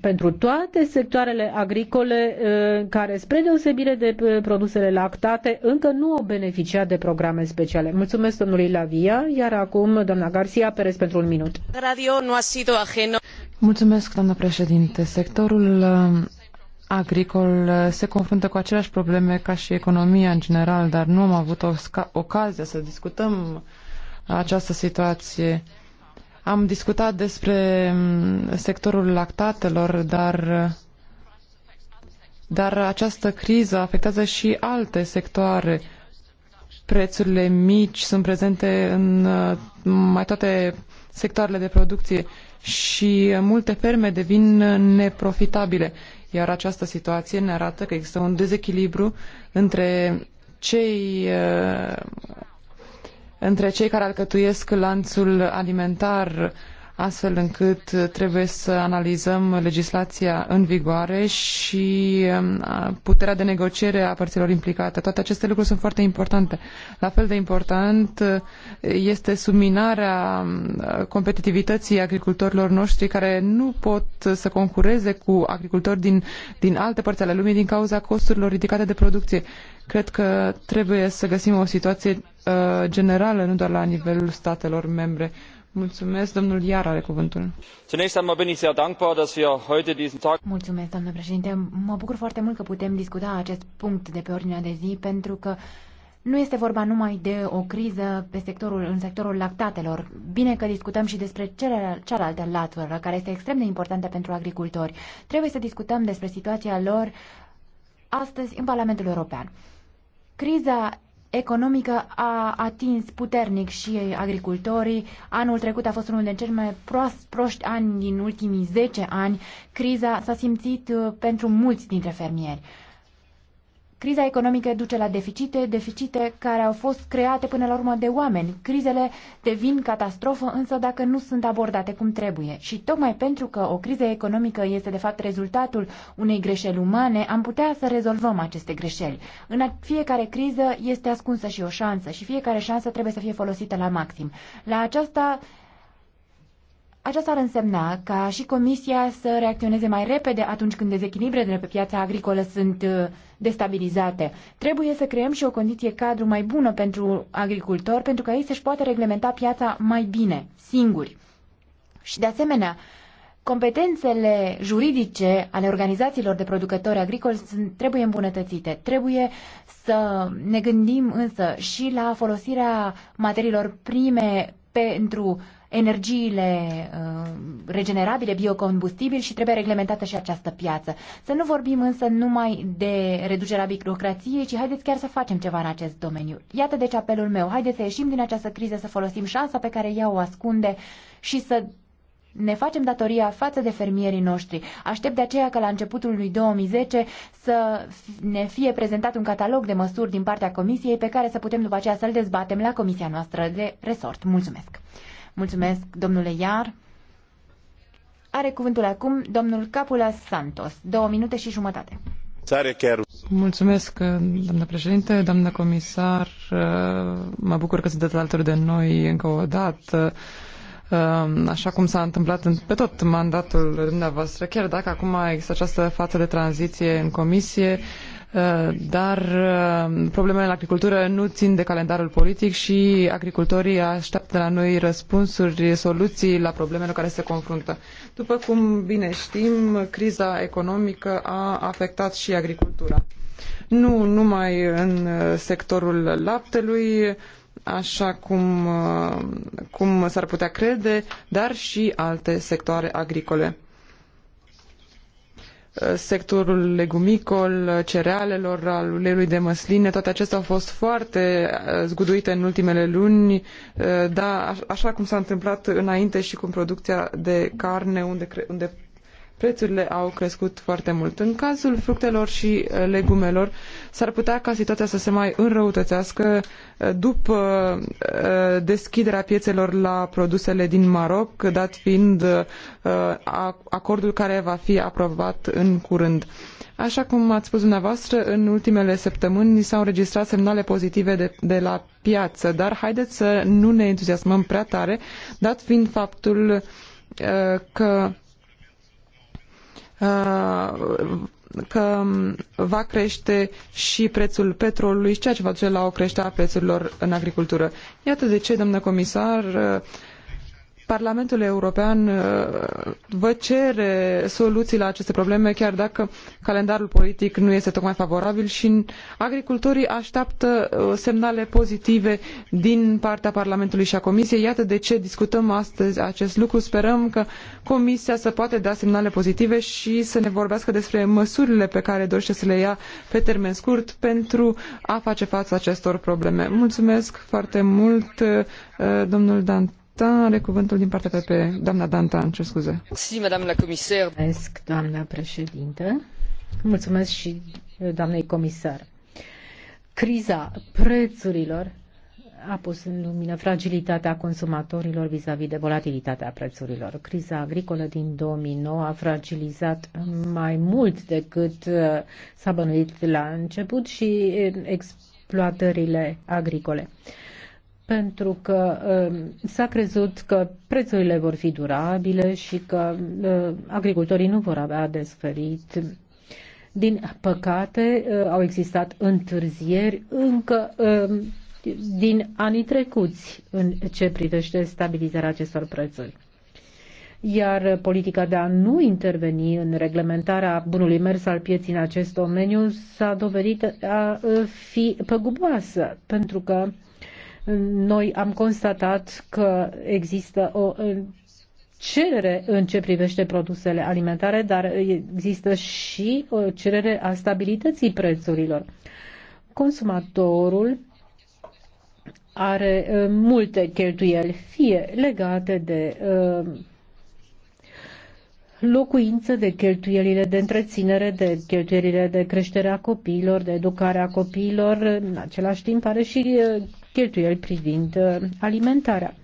pentru toate sectoarele agricole uh, care, spre deosebire de uh, produsele lactate, încă nu au beneficiat de programe speciale. Mulțumesc domnului Lavia, iar acum doamna Garcia Perez pentru un minut. Radio nu a sido ajeno. Mulțumesc, doamna președinte. Sectorul uh, agricol se confruntă cu aceleași probleme ca și economia în general, dar nu am avut ocazia să discutăm această situație am discutat despre mm, sectorul lactatelor, dar, dar această criză afectează și alte sectoare. Prețurile mici sunt prezente în mm, mai toate sectoarele de producție și multe ferme devin neprofitabile. Iar această situație ne arată că există un dezechilibru între cei între cei care alcătuiesc lanțul alimentar astfel încât uh, trebuie să analizăm legislația în vigoare și um, puterea de negociere a părților implicate. Toate aceste lucruri sunt foarte importante. La fel de important uh, este subminarea um, competitivității agricultorilor noștri care nu pot să concureze cu agricultori din, din alte părți ale lumii din cauza costurilor ridicate de producție. Cred că trebuie să găsim o situație uh, generală, nu doar la nivelul statelor membre. Uh, Mulțumesc, domnul Iar are cuvântul. Mulțumesc, domnule președinte. Mă bucur foarte mult că putem discuta acest punct de pe ordinea de zi, pentru că nu este vorba numai de o criză pe sectorul, în sectorul lactatelor. Bine că discutăm și despre cealaltă latură, care este extrem de importantă pentru agricultori. Trebuie să discutăm despre situația lor astăzi în Parlamentul European. Criza economică a atins puternic și agricultorii. Anul trecut a fost unul dintre cei mai proști ani din ultimii 10 ani. Criza s-a simțit uh, pentru mulți dintre fermieri. Criza economică duce la deficite, deficite care au fost create până la urmă de oameni. Crizele devin catastrofă, însă dacă nu sunt abordate cum trebuie. Și tocmai pentru că o criză economică este de fapt rezultatul unei greșeli umane, am putea să rezolvăm aceste greșeli. În fiecare criză este ascunsă și o șansă și fiecare șansă trebuie să fie folosită la maxim. La aceasta aceasta ar însemna ca și Comisia să reacționeze mai repede atunci când dezechilibrele pe piața agricolă sunt uh, destabilizate. Trebuie să creăm și o condiție cadru mai bună pentru agricultori, pentru ca ei să-și poată reglementa piața mai bine, singuri. Și de asemenea, competențele juridice ale organizațiilor de producători agricoli sunt, trebuie îmbunătățite. Trebuie să ne gândim însă și la folosirea materiilor prime pentru uh, energiile uh, regenerabile, biocombustibili și trebuie reglementată și această piață. Să nu vorbim însă numai de reducerea birocrației, ci haideți chiar să facem ceva în acest domeniu. Iată deci apelul meu. Haideți să ieșim din această criză, să folosim șansa pe care ea o ascunde și să ne facem datoria față de fermierii noștri. Aștept de aceea că la începutul lui 2010 să ne fie prezentat un catalog de măsuri din partea Comisiei pe care să putem după aceea să-l dezbatem la Comisia noastră de resort. Mulțumesc! Mulțumesc, domnule Iar. Are cuvântul acum domnul Capula Santos. Două minute și jumătate. Mulțumesc, doamnă președinte, doamnă comisar. Mă bucur că sunteți alături de noi încă o dată așa cum s-a întâmplat pe tot mandatul dumneavoastră, chiar dacă acum există această față de tranziție în comisie, Eh, dar eh, problemele în agricultură nu țin de calendarul politic și agricultorii așteaptă la noi răspunsuri, soluții la problemele care se confruntă. După cum bine știm, criza economică a afectat și agricultura. Nu numai în eh, sectorul laptelui, așa cum, cum s-ar putea crede, dar și alte sectoare agricole. Eh, sectorul legumicol, cerealelor, al uleiului de măsline, toate acestea au fost foarte eh, zguduite în ultimele luni, eh, dar așa cum s-a întâmplat înainte și cu producția de carne, unde, unde prețurile au crescut foarte mult. În cazul fructelor și uh, legumelor, s-ar putea ca situația să se mai înrăutățească uh, după uh, deschiderea piețelor la produsele din Maroc, dat fiind acordul care va fi aprobat în curând. Așa cum ați spus dumneavoastră, în ultimele săptămâni s-au înregistrat semnale pozitive de, de la piață, dar haideți să nu ne entuziasmăm prea tare, dat fiind faptul că Uh, că va crește și prețul petrolului, ceea ce va duce la o creștere a prețurilor în agricultură. Iată de ce, doamnă comisar, uh, Parlamentul European uh, vă cere soluții la aceste probleme, chiar dacă calendarul politic nu este tocmai favorabil și agricultorii așteaptă uh, semnale pozitive din partea Parlamentului și a Comisiei. Iată de ce discutăm astăzi acest lucru. Sperăm că Comisia să poate da semnale pozitive și să ne vorbească despre măsurile pe care dorește să le ia pe termen scurt pentru a face față acestor probleme. Mulțumesc foarte mult, uh, domnul Dan Dantin are cuvântul din partea PP. Doamna Dantan, ce scuze. Si, madame la comisar. Mulțumesc, doamna președintă. Mulțumesc și eh, doamnei comisar. Criza prețurilor a pus în lumină fragilitatea consumatorilor vis a -vis de volatilitatea prețurilor. Criza agricolă din 2009 a fragilizat mai mult decât eh, s-a bănuit la început și eh, exploatările agricole. Uh, pentru că um, s-a crezut că prețurile vor fi durabile și că uh, agricultorii nu vor avea de suferit. Din păcate, uh, au existat întârzieri încă um, din anii trecuți în ce privește stabilizarea acestor prețuri. Iar politica de a nu interveni în reglementarea bunului mers al pieții în acest domeniu s-a dovedit a uh, fi păguboasă, pentru că noi am constatat că există o cerere în ce privește produsele alimentare, dar există și o cerere a stabilității prețurilor. Consumatorul are uh, multe cheltuieli, fie legate de uh, locuință, de cheltuielile de întreținere, de cheltuielile de creștere a copiilor, de educare a copiilor. În același timp are și uh, cheltuieli privind uh, alimentarea.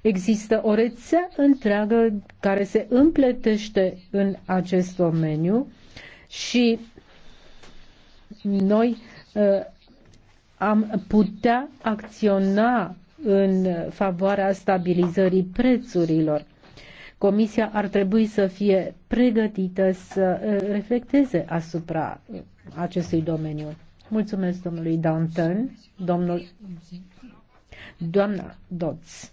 Există o rețea întreagă care se împletește în acest domeniu și noi uh, am putea acționa în favoarea stabilizării prețurilor. Comisia ar trebui să fie pregătită să uh, reflecteze asupra acestui domeniu. Mulțumesc domnului Danton, domnul Doamna Dodds.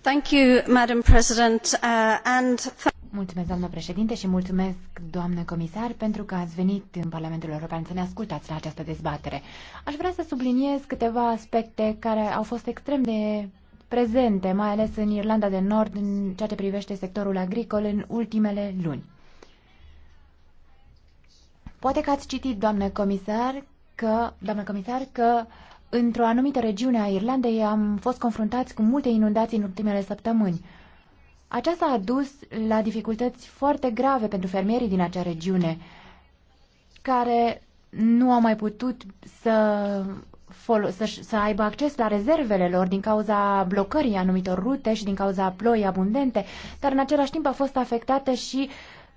Thank you, Madam President, uh, and Mulțumesc, doamnă președinte, și mulțumesc, doamnă comisar, pentru că ați venit în Parlamentul European să ne ascultați la această dezbatere. Aș vrea să subliniez câteva aspecte care au fost extrem de prezente, mai ales în Irlanda de Nord, în ceea ce privește sectorul agricol în ultimele luni. Poate că ați citit, doamnă comisar, că, doamnă comisar, că uh, într-o anumită regiune a Irlandei am fost confruntați cu multe inundații în ultimele săptămâni. Aceasta a dus la dificultăți foarte grave pentru fermierii din acea regiune, care nu au mai putut să, să, să aibă acces la rezervele lor din cauza blocării anumitor rute și din cauza ploii abundente, dar în același timp a fost afectată și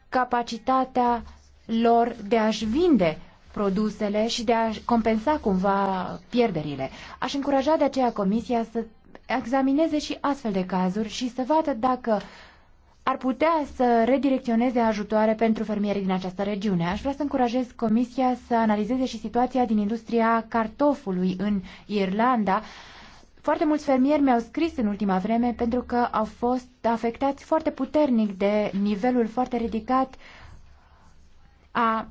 capacitatea lor de a-și vinde produsele și de a compensa cumva pierderile. Aș încuraja de aceea Comisia să examineze și astfel de cazuri și să vadă dacă ar putea să redirecționeze ajutoare pentru fermierii din această regiune. Aș vrea să încurajez Comisia să analizeze și situația din industria cartofului în Irlanda. Foarte mulți fermieri mi-au scris în ultima vreme pentru că au fost afectați foarte puternic de nivelul foarte ridicat a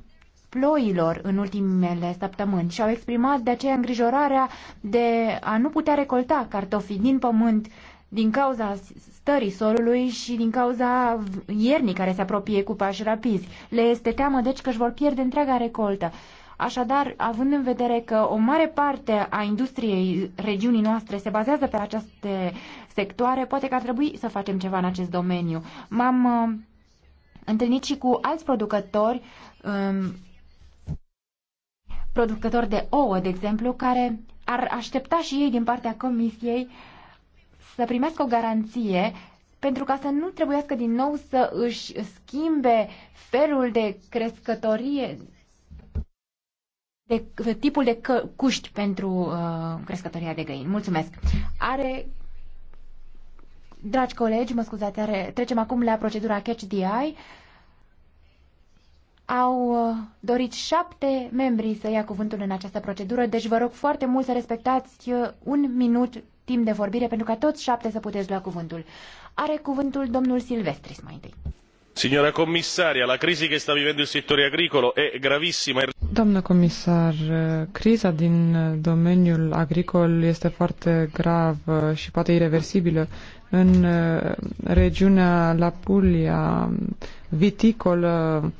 ploilor în ultimele săptămâni și au exprimat de aceea îngrijorarea de a nu putea recolta cartofii din pământ din cauza stării solului și din cauza iernii care se apropie cu pași rapizi. Le este teamă deci că își vor pierde întreaga recoltă. Așadar, având în vedere că o mare parte a industriei regiunii noastre se bazează pe aceste sectoare, poate că ar trebui să facem ceva în acest domeniu. M-am uh, întâlnit și cu alți producători um, producători de ouă, de exemplu, care ar aștepta și ei din partea Comisiei să primească o garanție pentru ca să nu trebuiască din nou să își schimbe felul de crescătorie, de tipul de că, cuști pentru uh, crescătoria de găini. Mulțumesc! Are Dragi colegi, mă scuzați, are, trecem acum la procedura Catch the Eye au uh, dorit șapte membri să ia cuvântul în această procedură, deci vă rog foarte mult să respectați uh, un minut timp de vorbire pentru ca toți șapte să puteți lua cuvântul. Are cuvântul domnul Silvestris mai întâi. Signora comisaria, la crisi che sta vivendo il settore agricolo è gravissima. Doamnă comisar, uh, criza din domeniul agricol este foarte gravă și poate irreversibilă. În regiunea Lapulia, um, viticolă,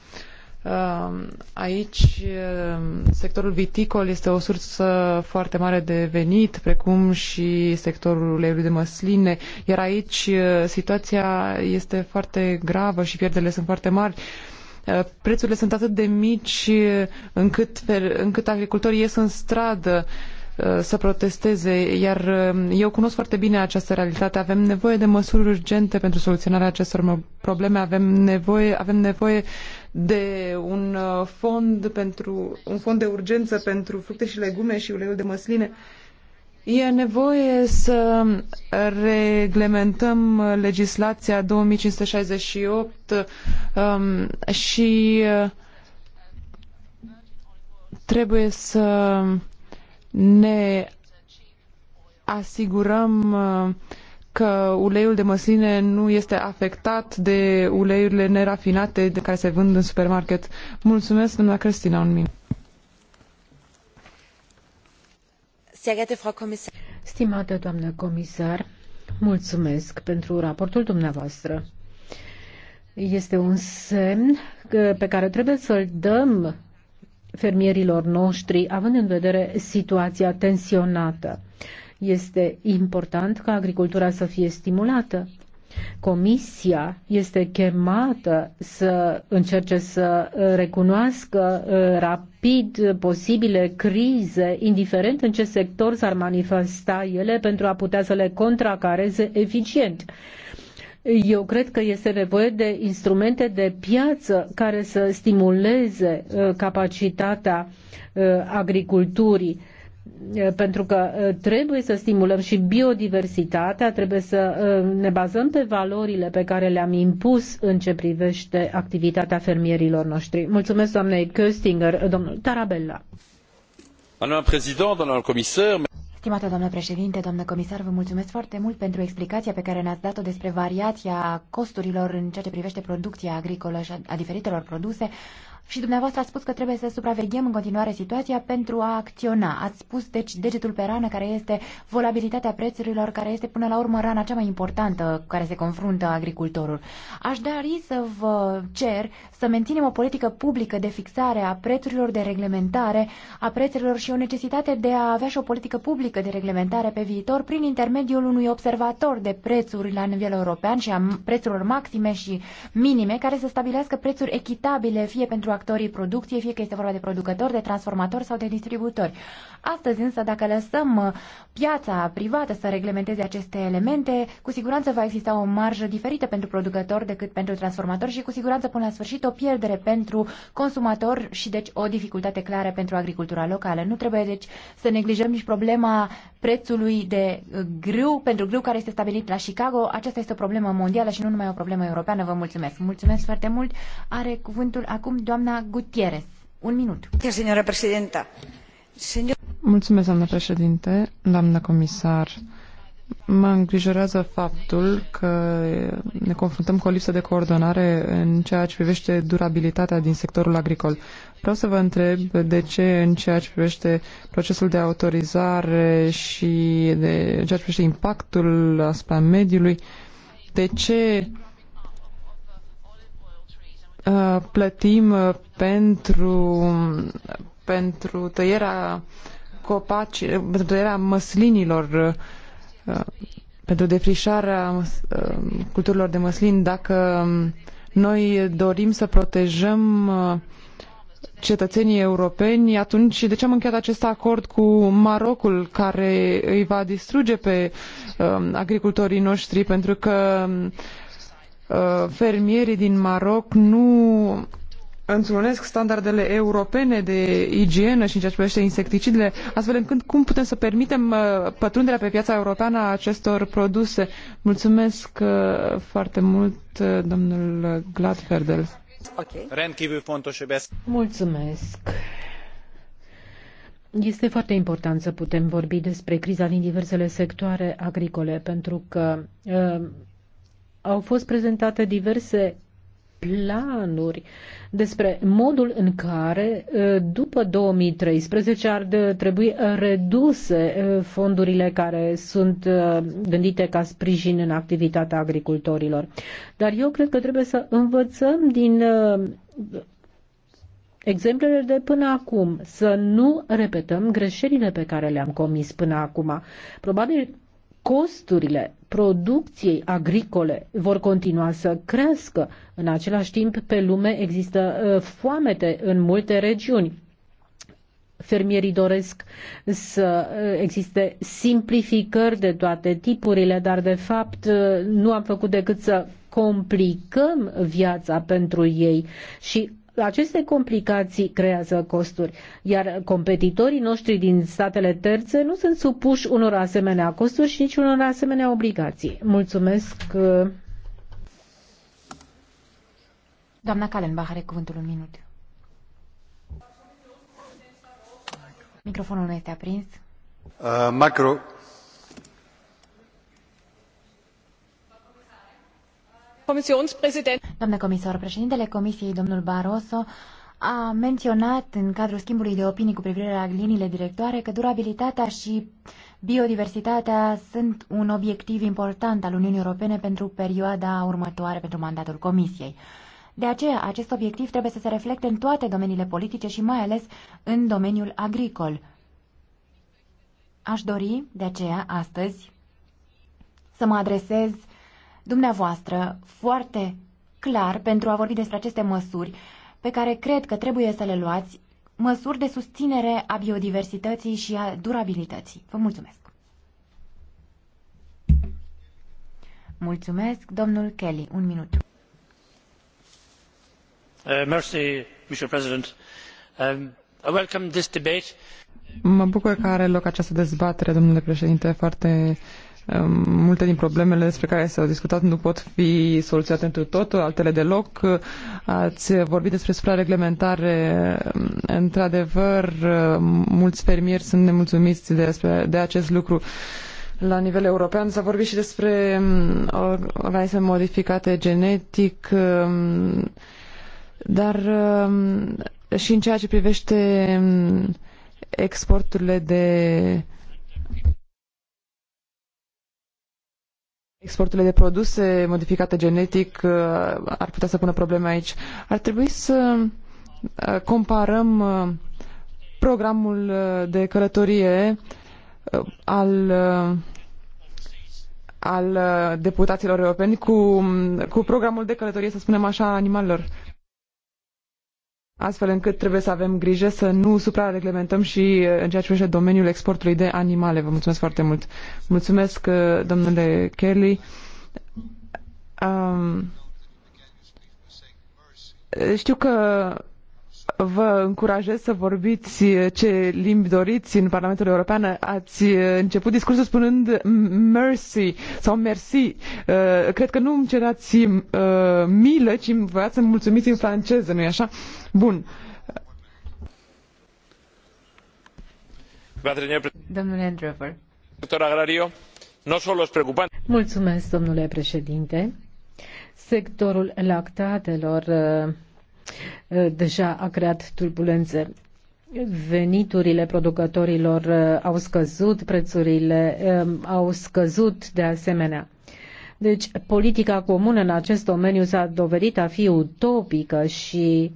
Ehm, aici ehm, sectorul viticol este o sursă foarte mare de venit, precum și sectorul uleiului de măsline, iar aici situația este foarte gravă și pierderile sunt foarte mari prețurile sunt atât de mici încât, încât agricultorii ies în stradă să protesteze, iar eu cunosc foarte bine această realitate. Avem nevoie de măsuri urgente pentru soluționarea acestor probleme, avem nevoie, avem nevoie de un uh, fond, pentru, un fond de urgență pentru fructe și legume și uleiul de măsline. E nevoie să reglementăm legislația 2568 și um, uh, trebuie să ne asigurăm uh, că uleiul de măsline nu este afectat de uleiurile nerafinate de care se vând în supermarket. Mulțumesc, doamna Cristina, un minut. Stimată doamnă comisar, mulțumesc pentru raportul dumneavoastră. Este un semn pe care trebuie să-l dăm fermierilor noștri, având în vedere situația tensionată este important ca agricultura să fie stimulată. Comisia este chemată să încerce să uh, recunoască uh, rapid posibile crize, indiferent în ce sector s-ar manifesta ele, pentru a putea să le contracareze eficient. Eu cred că este nevoie de instrumente de piață care să stimuleze uh, capacitatea agriculturii pentru că trebuie să stimulăm și biodiversitatea, trebuie să ne bazăm pe valorile pe care le-am impus în ce privește activitatea fermierilor noștri. Mulțumesc doamnei Köstinger, domnul Tarabella. Stimată doamnă președinte, doamnă comisar, vă mulțumesc foarte mult pentru explicația pe care ne-ați dat-o despre variația costurilor în ceea ce privește producția agricolă și a diferitelor produse. Și dumneavoastră ați spus că trebuie să supraveghem în continuare situația pentru a acționa. Ați spus, deci, degetul pe rană, care este volabilitatea prețurilor, care este până la urmă rana cea mai importantă cu care se confruntă agricultorul. Aș dori să vă cer să menținem o politică publică de fixare a prețurilor, de reglementare a prețurilor și o necesitate de a avea și o politică publică de reglementare pe viitor prin intermediul unui observator de prețuri la nivel european și a prețurilor maxime și minime, care să stabilească prețuri echitabile fie pentru pentru actorii producției, fie că este vorba de producători, de transformatori sau de distributori. Astăzi însă, dacă lăsăm uh, piața privată să reglementeze aceste elemente, cu siguranță va exista o marjă diferită pentru producători decât pentru transformatori și cu siguranță până la sfârșit o pierdere pentru consumator și deci o dificultate clară pentru agricultura locală. Nu trebuie deci să neglijăm nici problema prețului de uh, grâu, pentru grâu care este stabilit la Chicago. Aceasta este o problemă mondială și nu numai o problemă europeană. Vă mulțumesc. Mulțumesc foarte mult. Are cuvântul acum doamna Doamna Gutierrez, un minut. Mulțumesc, doamnă președinte, doamnă comisar. Mă îngrijorează faptul că ne confruntăm cu o lipsă de coordonare în ceea ce privește durabilitatea din sectorul agricol. Vreau să vă întreb de ce în ceea ce privește procesul de autorizare și de, în ceea ce privește impactul asupra mediului, de ce uh, Uh, plătim uh, pentru, pentru tăierea copaci, uh, pentru tăierea măslinilor, pentru defrișarea culturilor de măslin, dacă um, noi dorim să protejăm cetățenii europeni, atunci de ce am încheiat acest acord cu Marocul care îi va distruge pe um, agricultorii noștri pentru că um, Uh, fermierii din Maroc nu întrunesc standardele europene de igienă și în ceea ce privește insecticidele, astfel încât cum putem să permitem uh, pătrunderea pe piața europeană a acestor produse. Mulțumesc uh, foarte mult, domnul Gladferdel. Okay. Mulțumesc. Este foarte important să putem vorbi despre criza din diversele sectoare agricole, pentru că au fost prezentate diverse planuri despre modul în care după 2013 ar trebui reduse fondurile care sunt gândite ca sprijin în activitatea agricultorilor. Dar eu cred că trebuie să învățăm din exemplele de până acum, să nu repetăm greșelile pe care le-am comis până acum. Probabil costurile producției agricole vor continua să crească. În același timp, pe lume există uh, foamete în multe regiuni. Fermierii doresc să uh, existe simplificări de toate tipurile, dar de fapt uh, nu am făcut decât să complicăm viața pentru ei și aceste complicații creează costuri, iar competitorii noștri din statele terțe nu sunt supuși unor asemenea costuri și nici unor asemenea obligații. Mulțumesc. Uh, doamna Kalenbach are cuvântul un minut. Microfonul nu este aprins. Uh, macro, Doamnă comisar, președintele Comisiei, domnul Barroso, a menționat în cadrul schimbului de opinii cu privire la liniile directoare că durabilitatea și biodiversitatea sunt un obiectiv important al Uniunii Europene pentru perioada următoare, pentru mandatul Comisiei. De aceea, acest obiectiv trebuie să se reflecte în toate domeniile politice și mai ales în domeniul agricol. Aș dori, de aceea, astăzi, să mă adresez dumneavoastră foarte clar pentru a vorbi despre aceste măsuri pe care cred că trebuie să le luați, măsuri de susținere a biodiversității și a durabilității. Vă mulțumesc! Mulțumesc, domnul Kelly. Un minut. Uh, um, mă bucur că are loc această dezbatere, domnule președinte, foarte Multe din problemele despre care s-au discutat nu pot fi soluționate întru totul, altele deloc. Ați vorbit despre suprareglementare. Într-adevăr, mulți fermieri sunt nemulțumiți despre, de acest lucru. La nivel european s-a vorbit și despre um, organisme modificate genetic, um, dar um, și în ceea ce privește exporturile de Exporturile de produse modificate genetic uh, ar putea să pună probleme aici. Ar trebui să uh, comparăm uh, programul de călătorie al al deputaților europeni cu, cu programul de călătorie, să spunem așa, animalelor astfel încât trebuie să avem grijă să nu suprareglementăm și uh, în ceea ce privește domeniul exportului de animale. Vă mulțumesc foarte mult. Mulțumesc, uh, domnule Kelly. Um, știu că Vă încurajez să vorbiți eh, ce limbi doriți în Parlamentul European. Ați eh, început discursul spunând mercy sau merci. Eh, cred că nu îmi cerați milă, ci voiați să mulțumiți în franceză, nu-i așa? Bun. Domnule Andrever. Sector agrario no solo es preocupante. Mulțumesc, domnule președinte. Sectorul lactatelor Eh, deja a creat turbulențe veniturile producătorilor eh, au scăzut, prețurile eh, au scăzut de asemenea. Deci politica comună în acest domeniu s-a dovedit a fi utopică și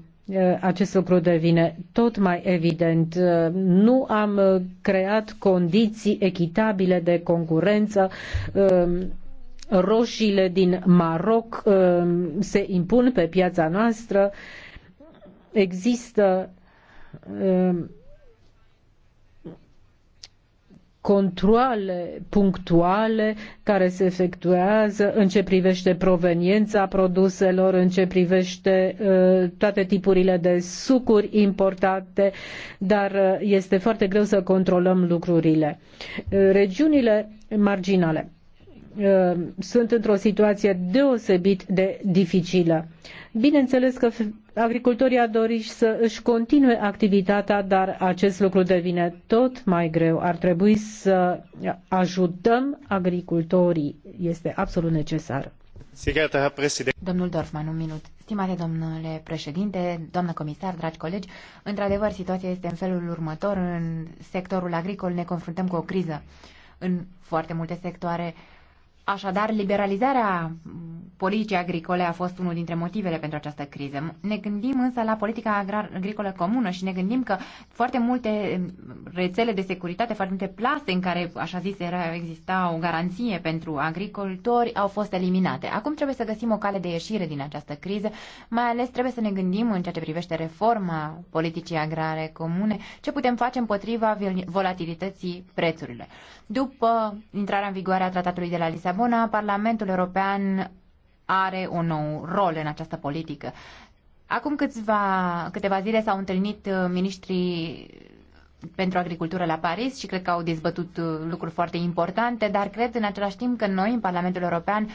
acest lucru devine tot mai evident. Nu am creat condiții echitabile de concurență roșiile din Maroc um, se impun pe piața noastră. Există um, controle punctuale care se efectuează în ce privește proveniența produselor, în ce privește uh, toate tipurile de sucuri importate, dar uh, este foarte greu să controlăm lucrurile. Uh, regiunile marginale Uh, sunt într-o situație deosebit de dificilă. Bineînțeles că agricultorii ar dorit să își continue activitatea, dar acest lucru devine tot mai greu. Ar trebui să ajutăm agricultorii. Este absolut necesar. Da, Domnul Dorfman, un minut. Stimate domnule președinte, doamnă comisar, dragi colegi, într-adevăr situația este în felul următor. În sectorul agricol ne confruntăm cu o criză. În foarte multe sectoare uh, Așadar, liberalizarea politicii agricole a fost unul dintre motivele pentru această criză. Ne gândim însă la politica agrar, agricolă comună și ne gândim că foarte multe rețele de securitate, foarte multe plase în care, așa zis, era, exista o garanție pentru agricultori, au fost eliminate. Acum trebuie să găsim o cale de ieșire din această criză, mai ales trebuie să ne gândim în ceea ce privește reforma politicii agrare comune, ce putem face împotriva volatilității prețurilor. După intrarea în vigoare a tratatului de la Lisabon. Lisabona, Parlamentul European are un nou rol în această politică. Acum câțiva, câteva zile s-au întâlnit uh, ministrii pentru agricultură la Paris și cred că au dezbătut uh, lucruri foarte importante, dar cred în același timp că noi, în Parlamentul European,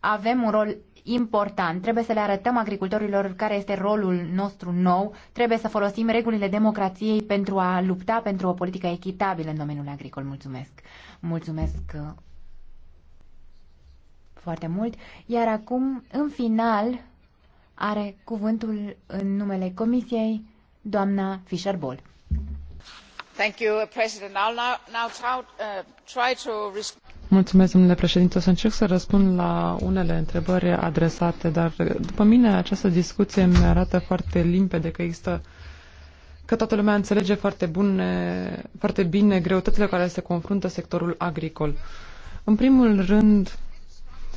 avem un rol important. Trebuie să le arătăm agricultorilor care este rolul nostru nou. Trebuie să folosim regulile democrației pentru a lupta pentru o politică echitabilă în domeniul agricol. Mulțumesc. Mulțumesc uh, foarte mult. Iar acum, în final, are cuvântul în numele Comisiei doamna Fischer Boll. Thank you, uh, President. I'll now, now try, uh, try to Mulțumesc, domnule președinte. O să încerc să răspund la unele întrebări adresate, dar uh, după mine această discuție mi arată foarte limpede că există că toată lumea înțelege foarte, bune, foarte bine greutățile care se confruntă sectorul agricol. În primul rând,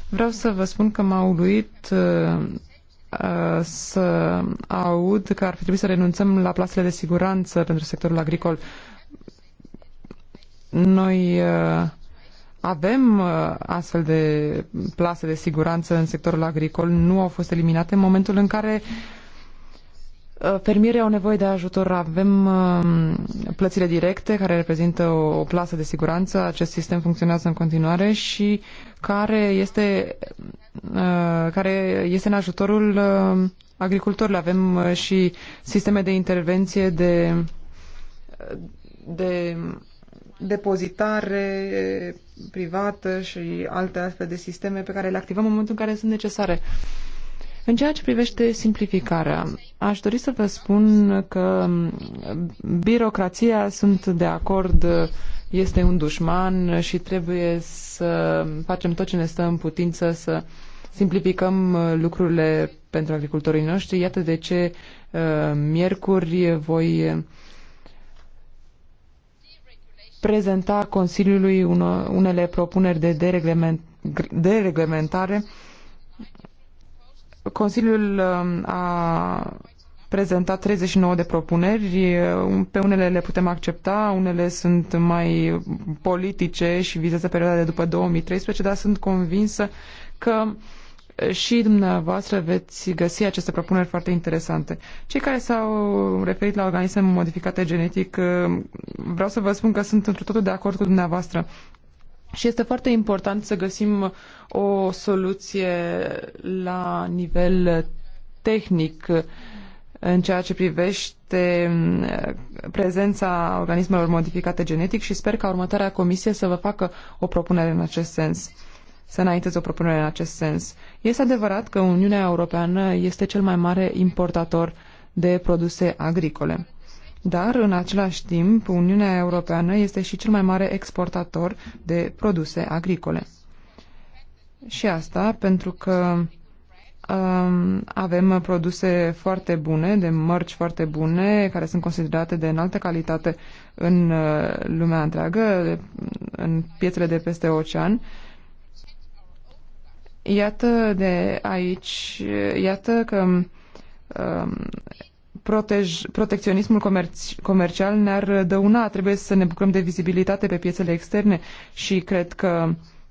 Vreau să vă spun că m-a uluit uh, uh, să aud că ar fi trebuit să renunțăm la plasele de siguranță pentru sectorul agricol. Noi uh, avem astfel de plase de siguranță în sectorul agricol, nu au fost eliminate în momentul în care uh, Uh, fermierii au nevoie de ajutor. Avem uh, plățile directe, care reprezintă o plasă de siguranță. Acest sistem funcționează în continuare și care este, uh, care este în ajutorul agricultorilor. Avem și sisteme de intervenție, de, de depozitare privată și alte astfel de sisteme pe care le activăm în momentul în care sunt necesare. Uh, în ceea ce privește simplificarea, aș dori să vă spun că birocrația, sunt de acord, este un dușman și trebuie să facem tot ce ne stă în putință să simplificăm lucrurile pentru agricultorii noștri. Iată de ce uh, miercuri voi prezenta Consiliului unele propuneri de dereglementare Consiliul um, a prezentat 39 de propuneri. Um, pe unele le putem accepta, unele sunt mai politice și vizează perioada de după 2013, dar sunt convinsă că uh, și dumneavoastră veți găsi aceste propuneri foarte interesante. Cei care s-au referit la organisme modificate genetic, uh, vreau să vă spun că sunt într totul de acord cu dumneavoastră. Și este foarte important să găsim o soluție la nivel tehnic în ceea ce privește mm, prezența organismelor modificate genetic și sper ca următoarea comisie să vă facă o propunere în acest sens să înainteze o propunere în acest sens. Este adevărat că Uniunea Europeană este cel mai mare importator de produse agricole dar în același timp Uniunea Europeană este și cel mai mare exportator de produse agricole. Și asta pentru că um, avem produse foarte bune, de mărci foarte bune, care sunt considerate de înaltă calitate în uh, lumea întreagă, în piețele de peste ocean. Iată de aici, iată că um, protej, protecționismul comercial ne-ar dăuna. Trebuie să ne bucurăm de vizibilitate pe piețele externe și cred că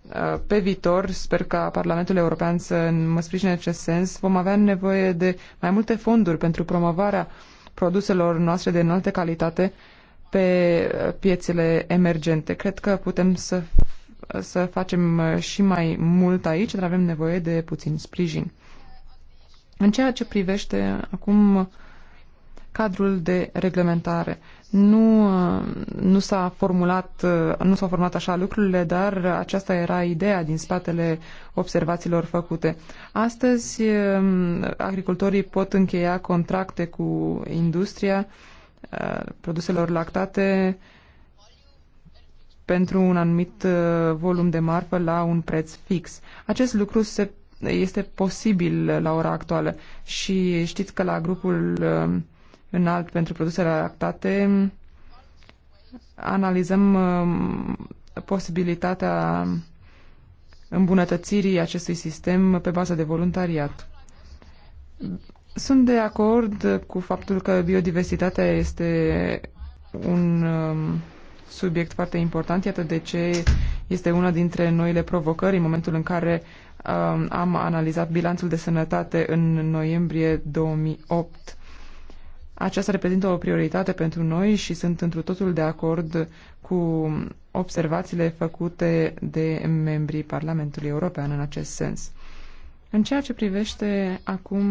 uh, pe viitor, sper ca Parlamentul European să mă sprijine în acest sens, vom avea nevoie de mai multe fonduri pentru promovarea produselor noastre de înaltă calitate pe uh, piețele emergente. Cred că putem să, să facem uh, și mai mult aici, dar avem nevoie de puțin sprijin. În ceea ce privește acum cadrul de reglementare. Nu, uh, nu, s-a formulat, uh, nu s-au formulat așa lucrurile, dar aceasta era ideea din spatele observațiilor făcute. Astăzi, uh, agricultorii pot încheia contracte cu industria produselor lactate pentru un anumit volum de marfă la un preț fix. Acest lucru se, este posibil la ora actuală și știți că la grupul înalt pentru produsele lactate, analizăm um, posibilitatea îmbunătățirii acestui sistem pe bază de voluntariat. Sunt de acord cu faptul că biodiversitatea este un um, subiect foarte important. Iată de ce este una dintre noile provocări în momentul în care um, am analizat bilanțul de sănătate în noiembrie 2008. Aceasta reprezintă o prioritate pentru noi și sunt întru totul de acord cu observațiile făcute de membrii Parlamentului European în acest sens. În ceea ce privește acum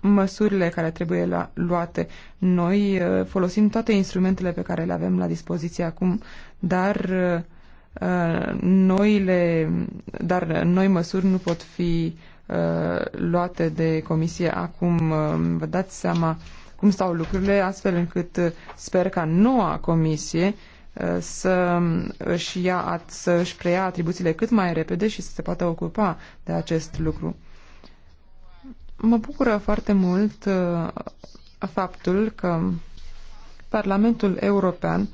măsurile care trebuie la, luate. Noi uh, folosim toate instrumentele pe care le avem la dispoziție acum, dar uh, noile, dar uh, noi măsuri nu pot fi Uh, luate de comisie acum. Uh, vă dați seama cum stau lucrurile, astfel încât uh, sper ca noua comisie să își, ia, să își preia atribuțiile cât mai repede și să se poată ocupa de acest lucru. Mă bucură foarte mult faptul că Parlamentul European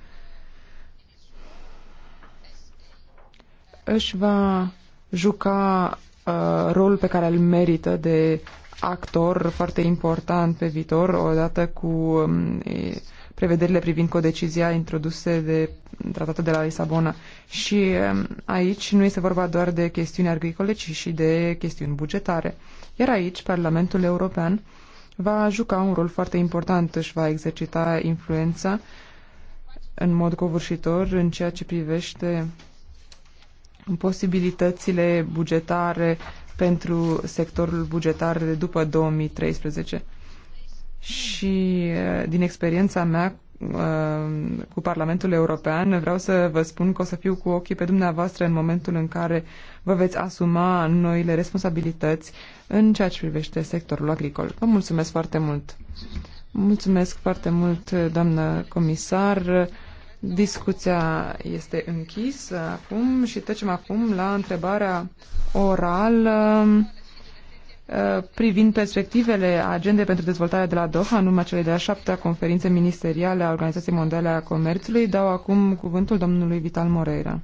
își va juca Uh, rolul pe care îl merită de actor foarte important pe viitor, odată cu um, prevederile privind codecizia introduse de tratatul de la Lisabona. Și um, aici nu este vorba doar de chestiuni agricole, ci și de chestiuni bugetare. Iar aici Parlamentul European va juca un rol foarte important, își va exercita influența în mod covârșitor în ceea ce privește posibilitățile bugetare pentru sectorul bugetar de după 2013. Și eh, din experiența mea eh, cu Parlamentul European, vreau să vă spun că o să fiu cu ochii pe dumneavoastră în momentul în care vă veți asuma noile responsabilități în ceea ce privește sectorul agricol. Vă mulțumesc foarte mult! Mulțumesc foarte mult, doamnă comisar! Discuția este închisă acum și trecem acum la întrebarea orală uh, privind perspectivele agendei pentru dezvoltare de la Doha, în urma celei de-a șaptea conferințe ministeriale a Organizației Mondiale a Comerțului. Dau acum cuvântul domnului Vital Moreira.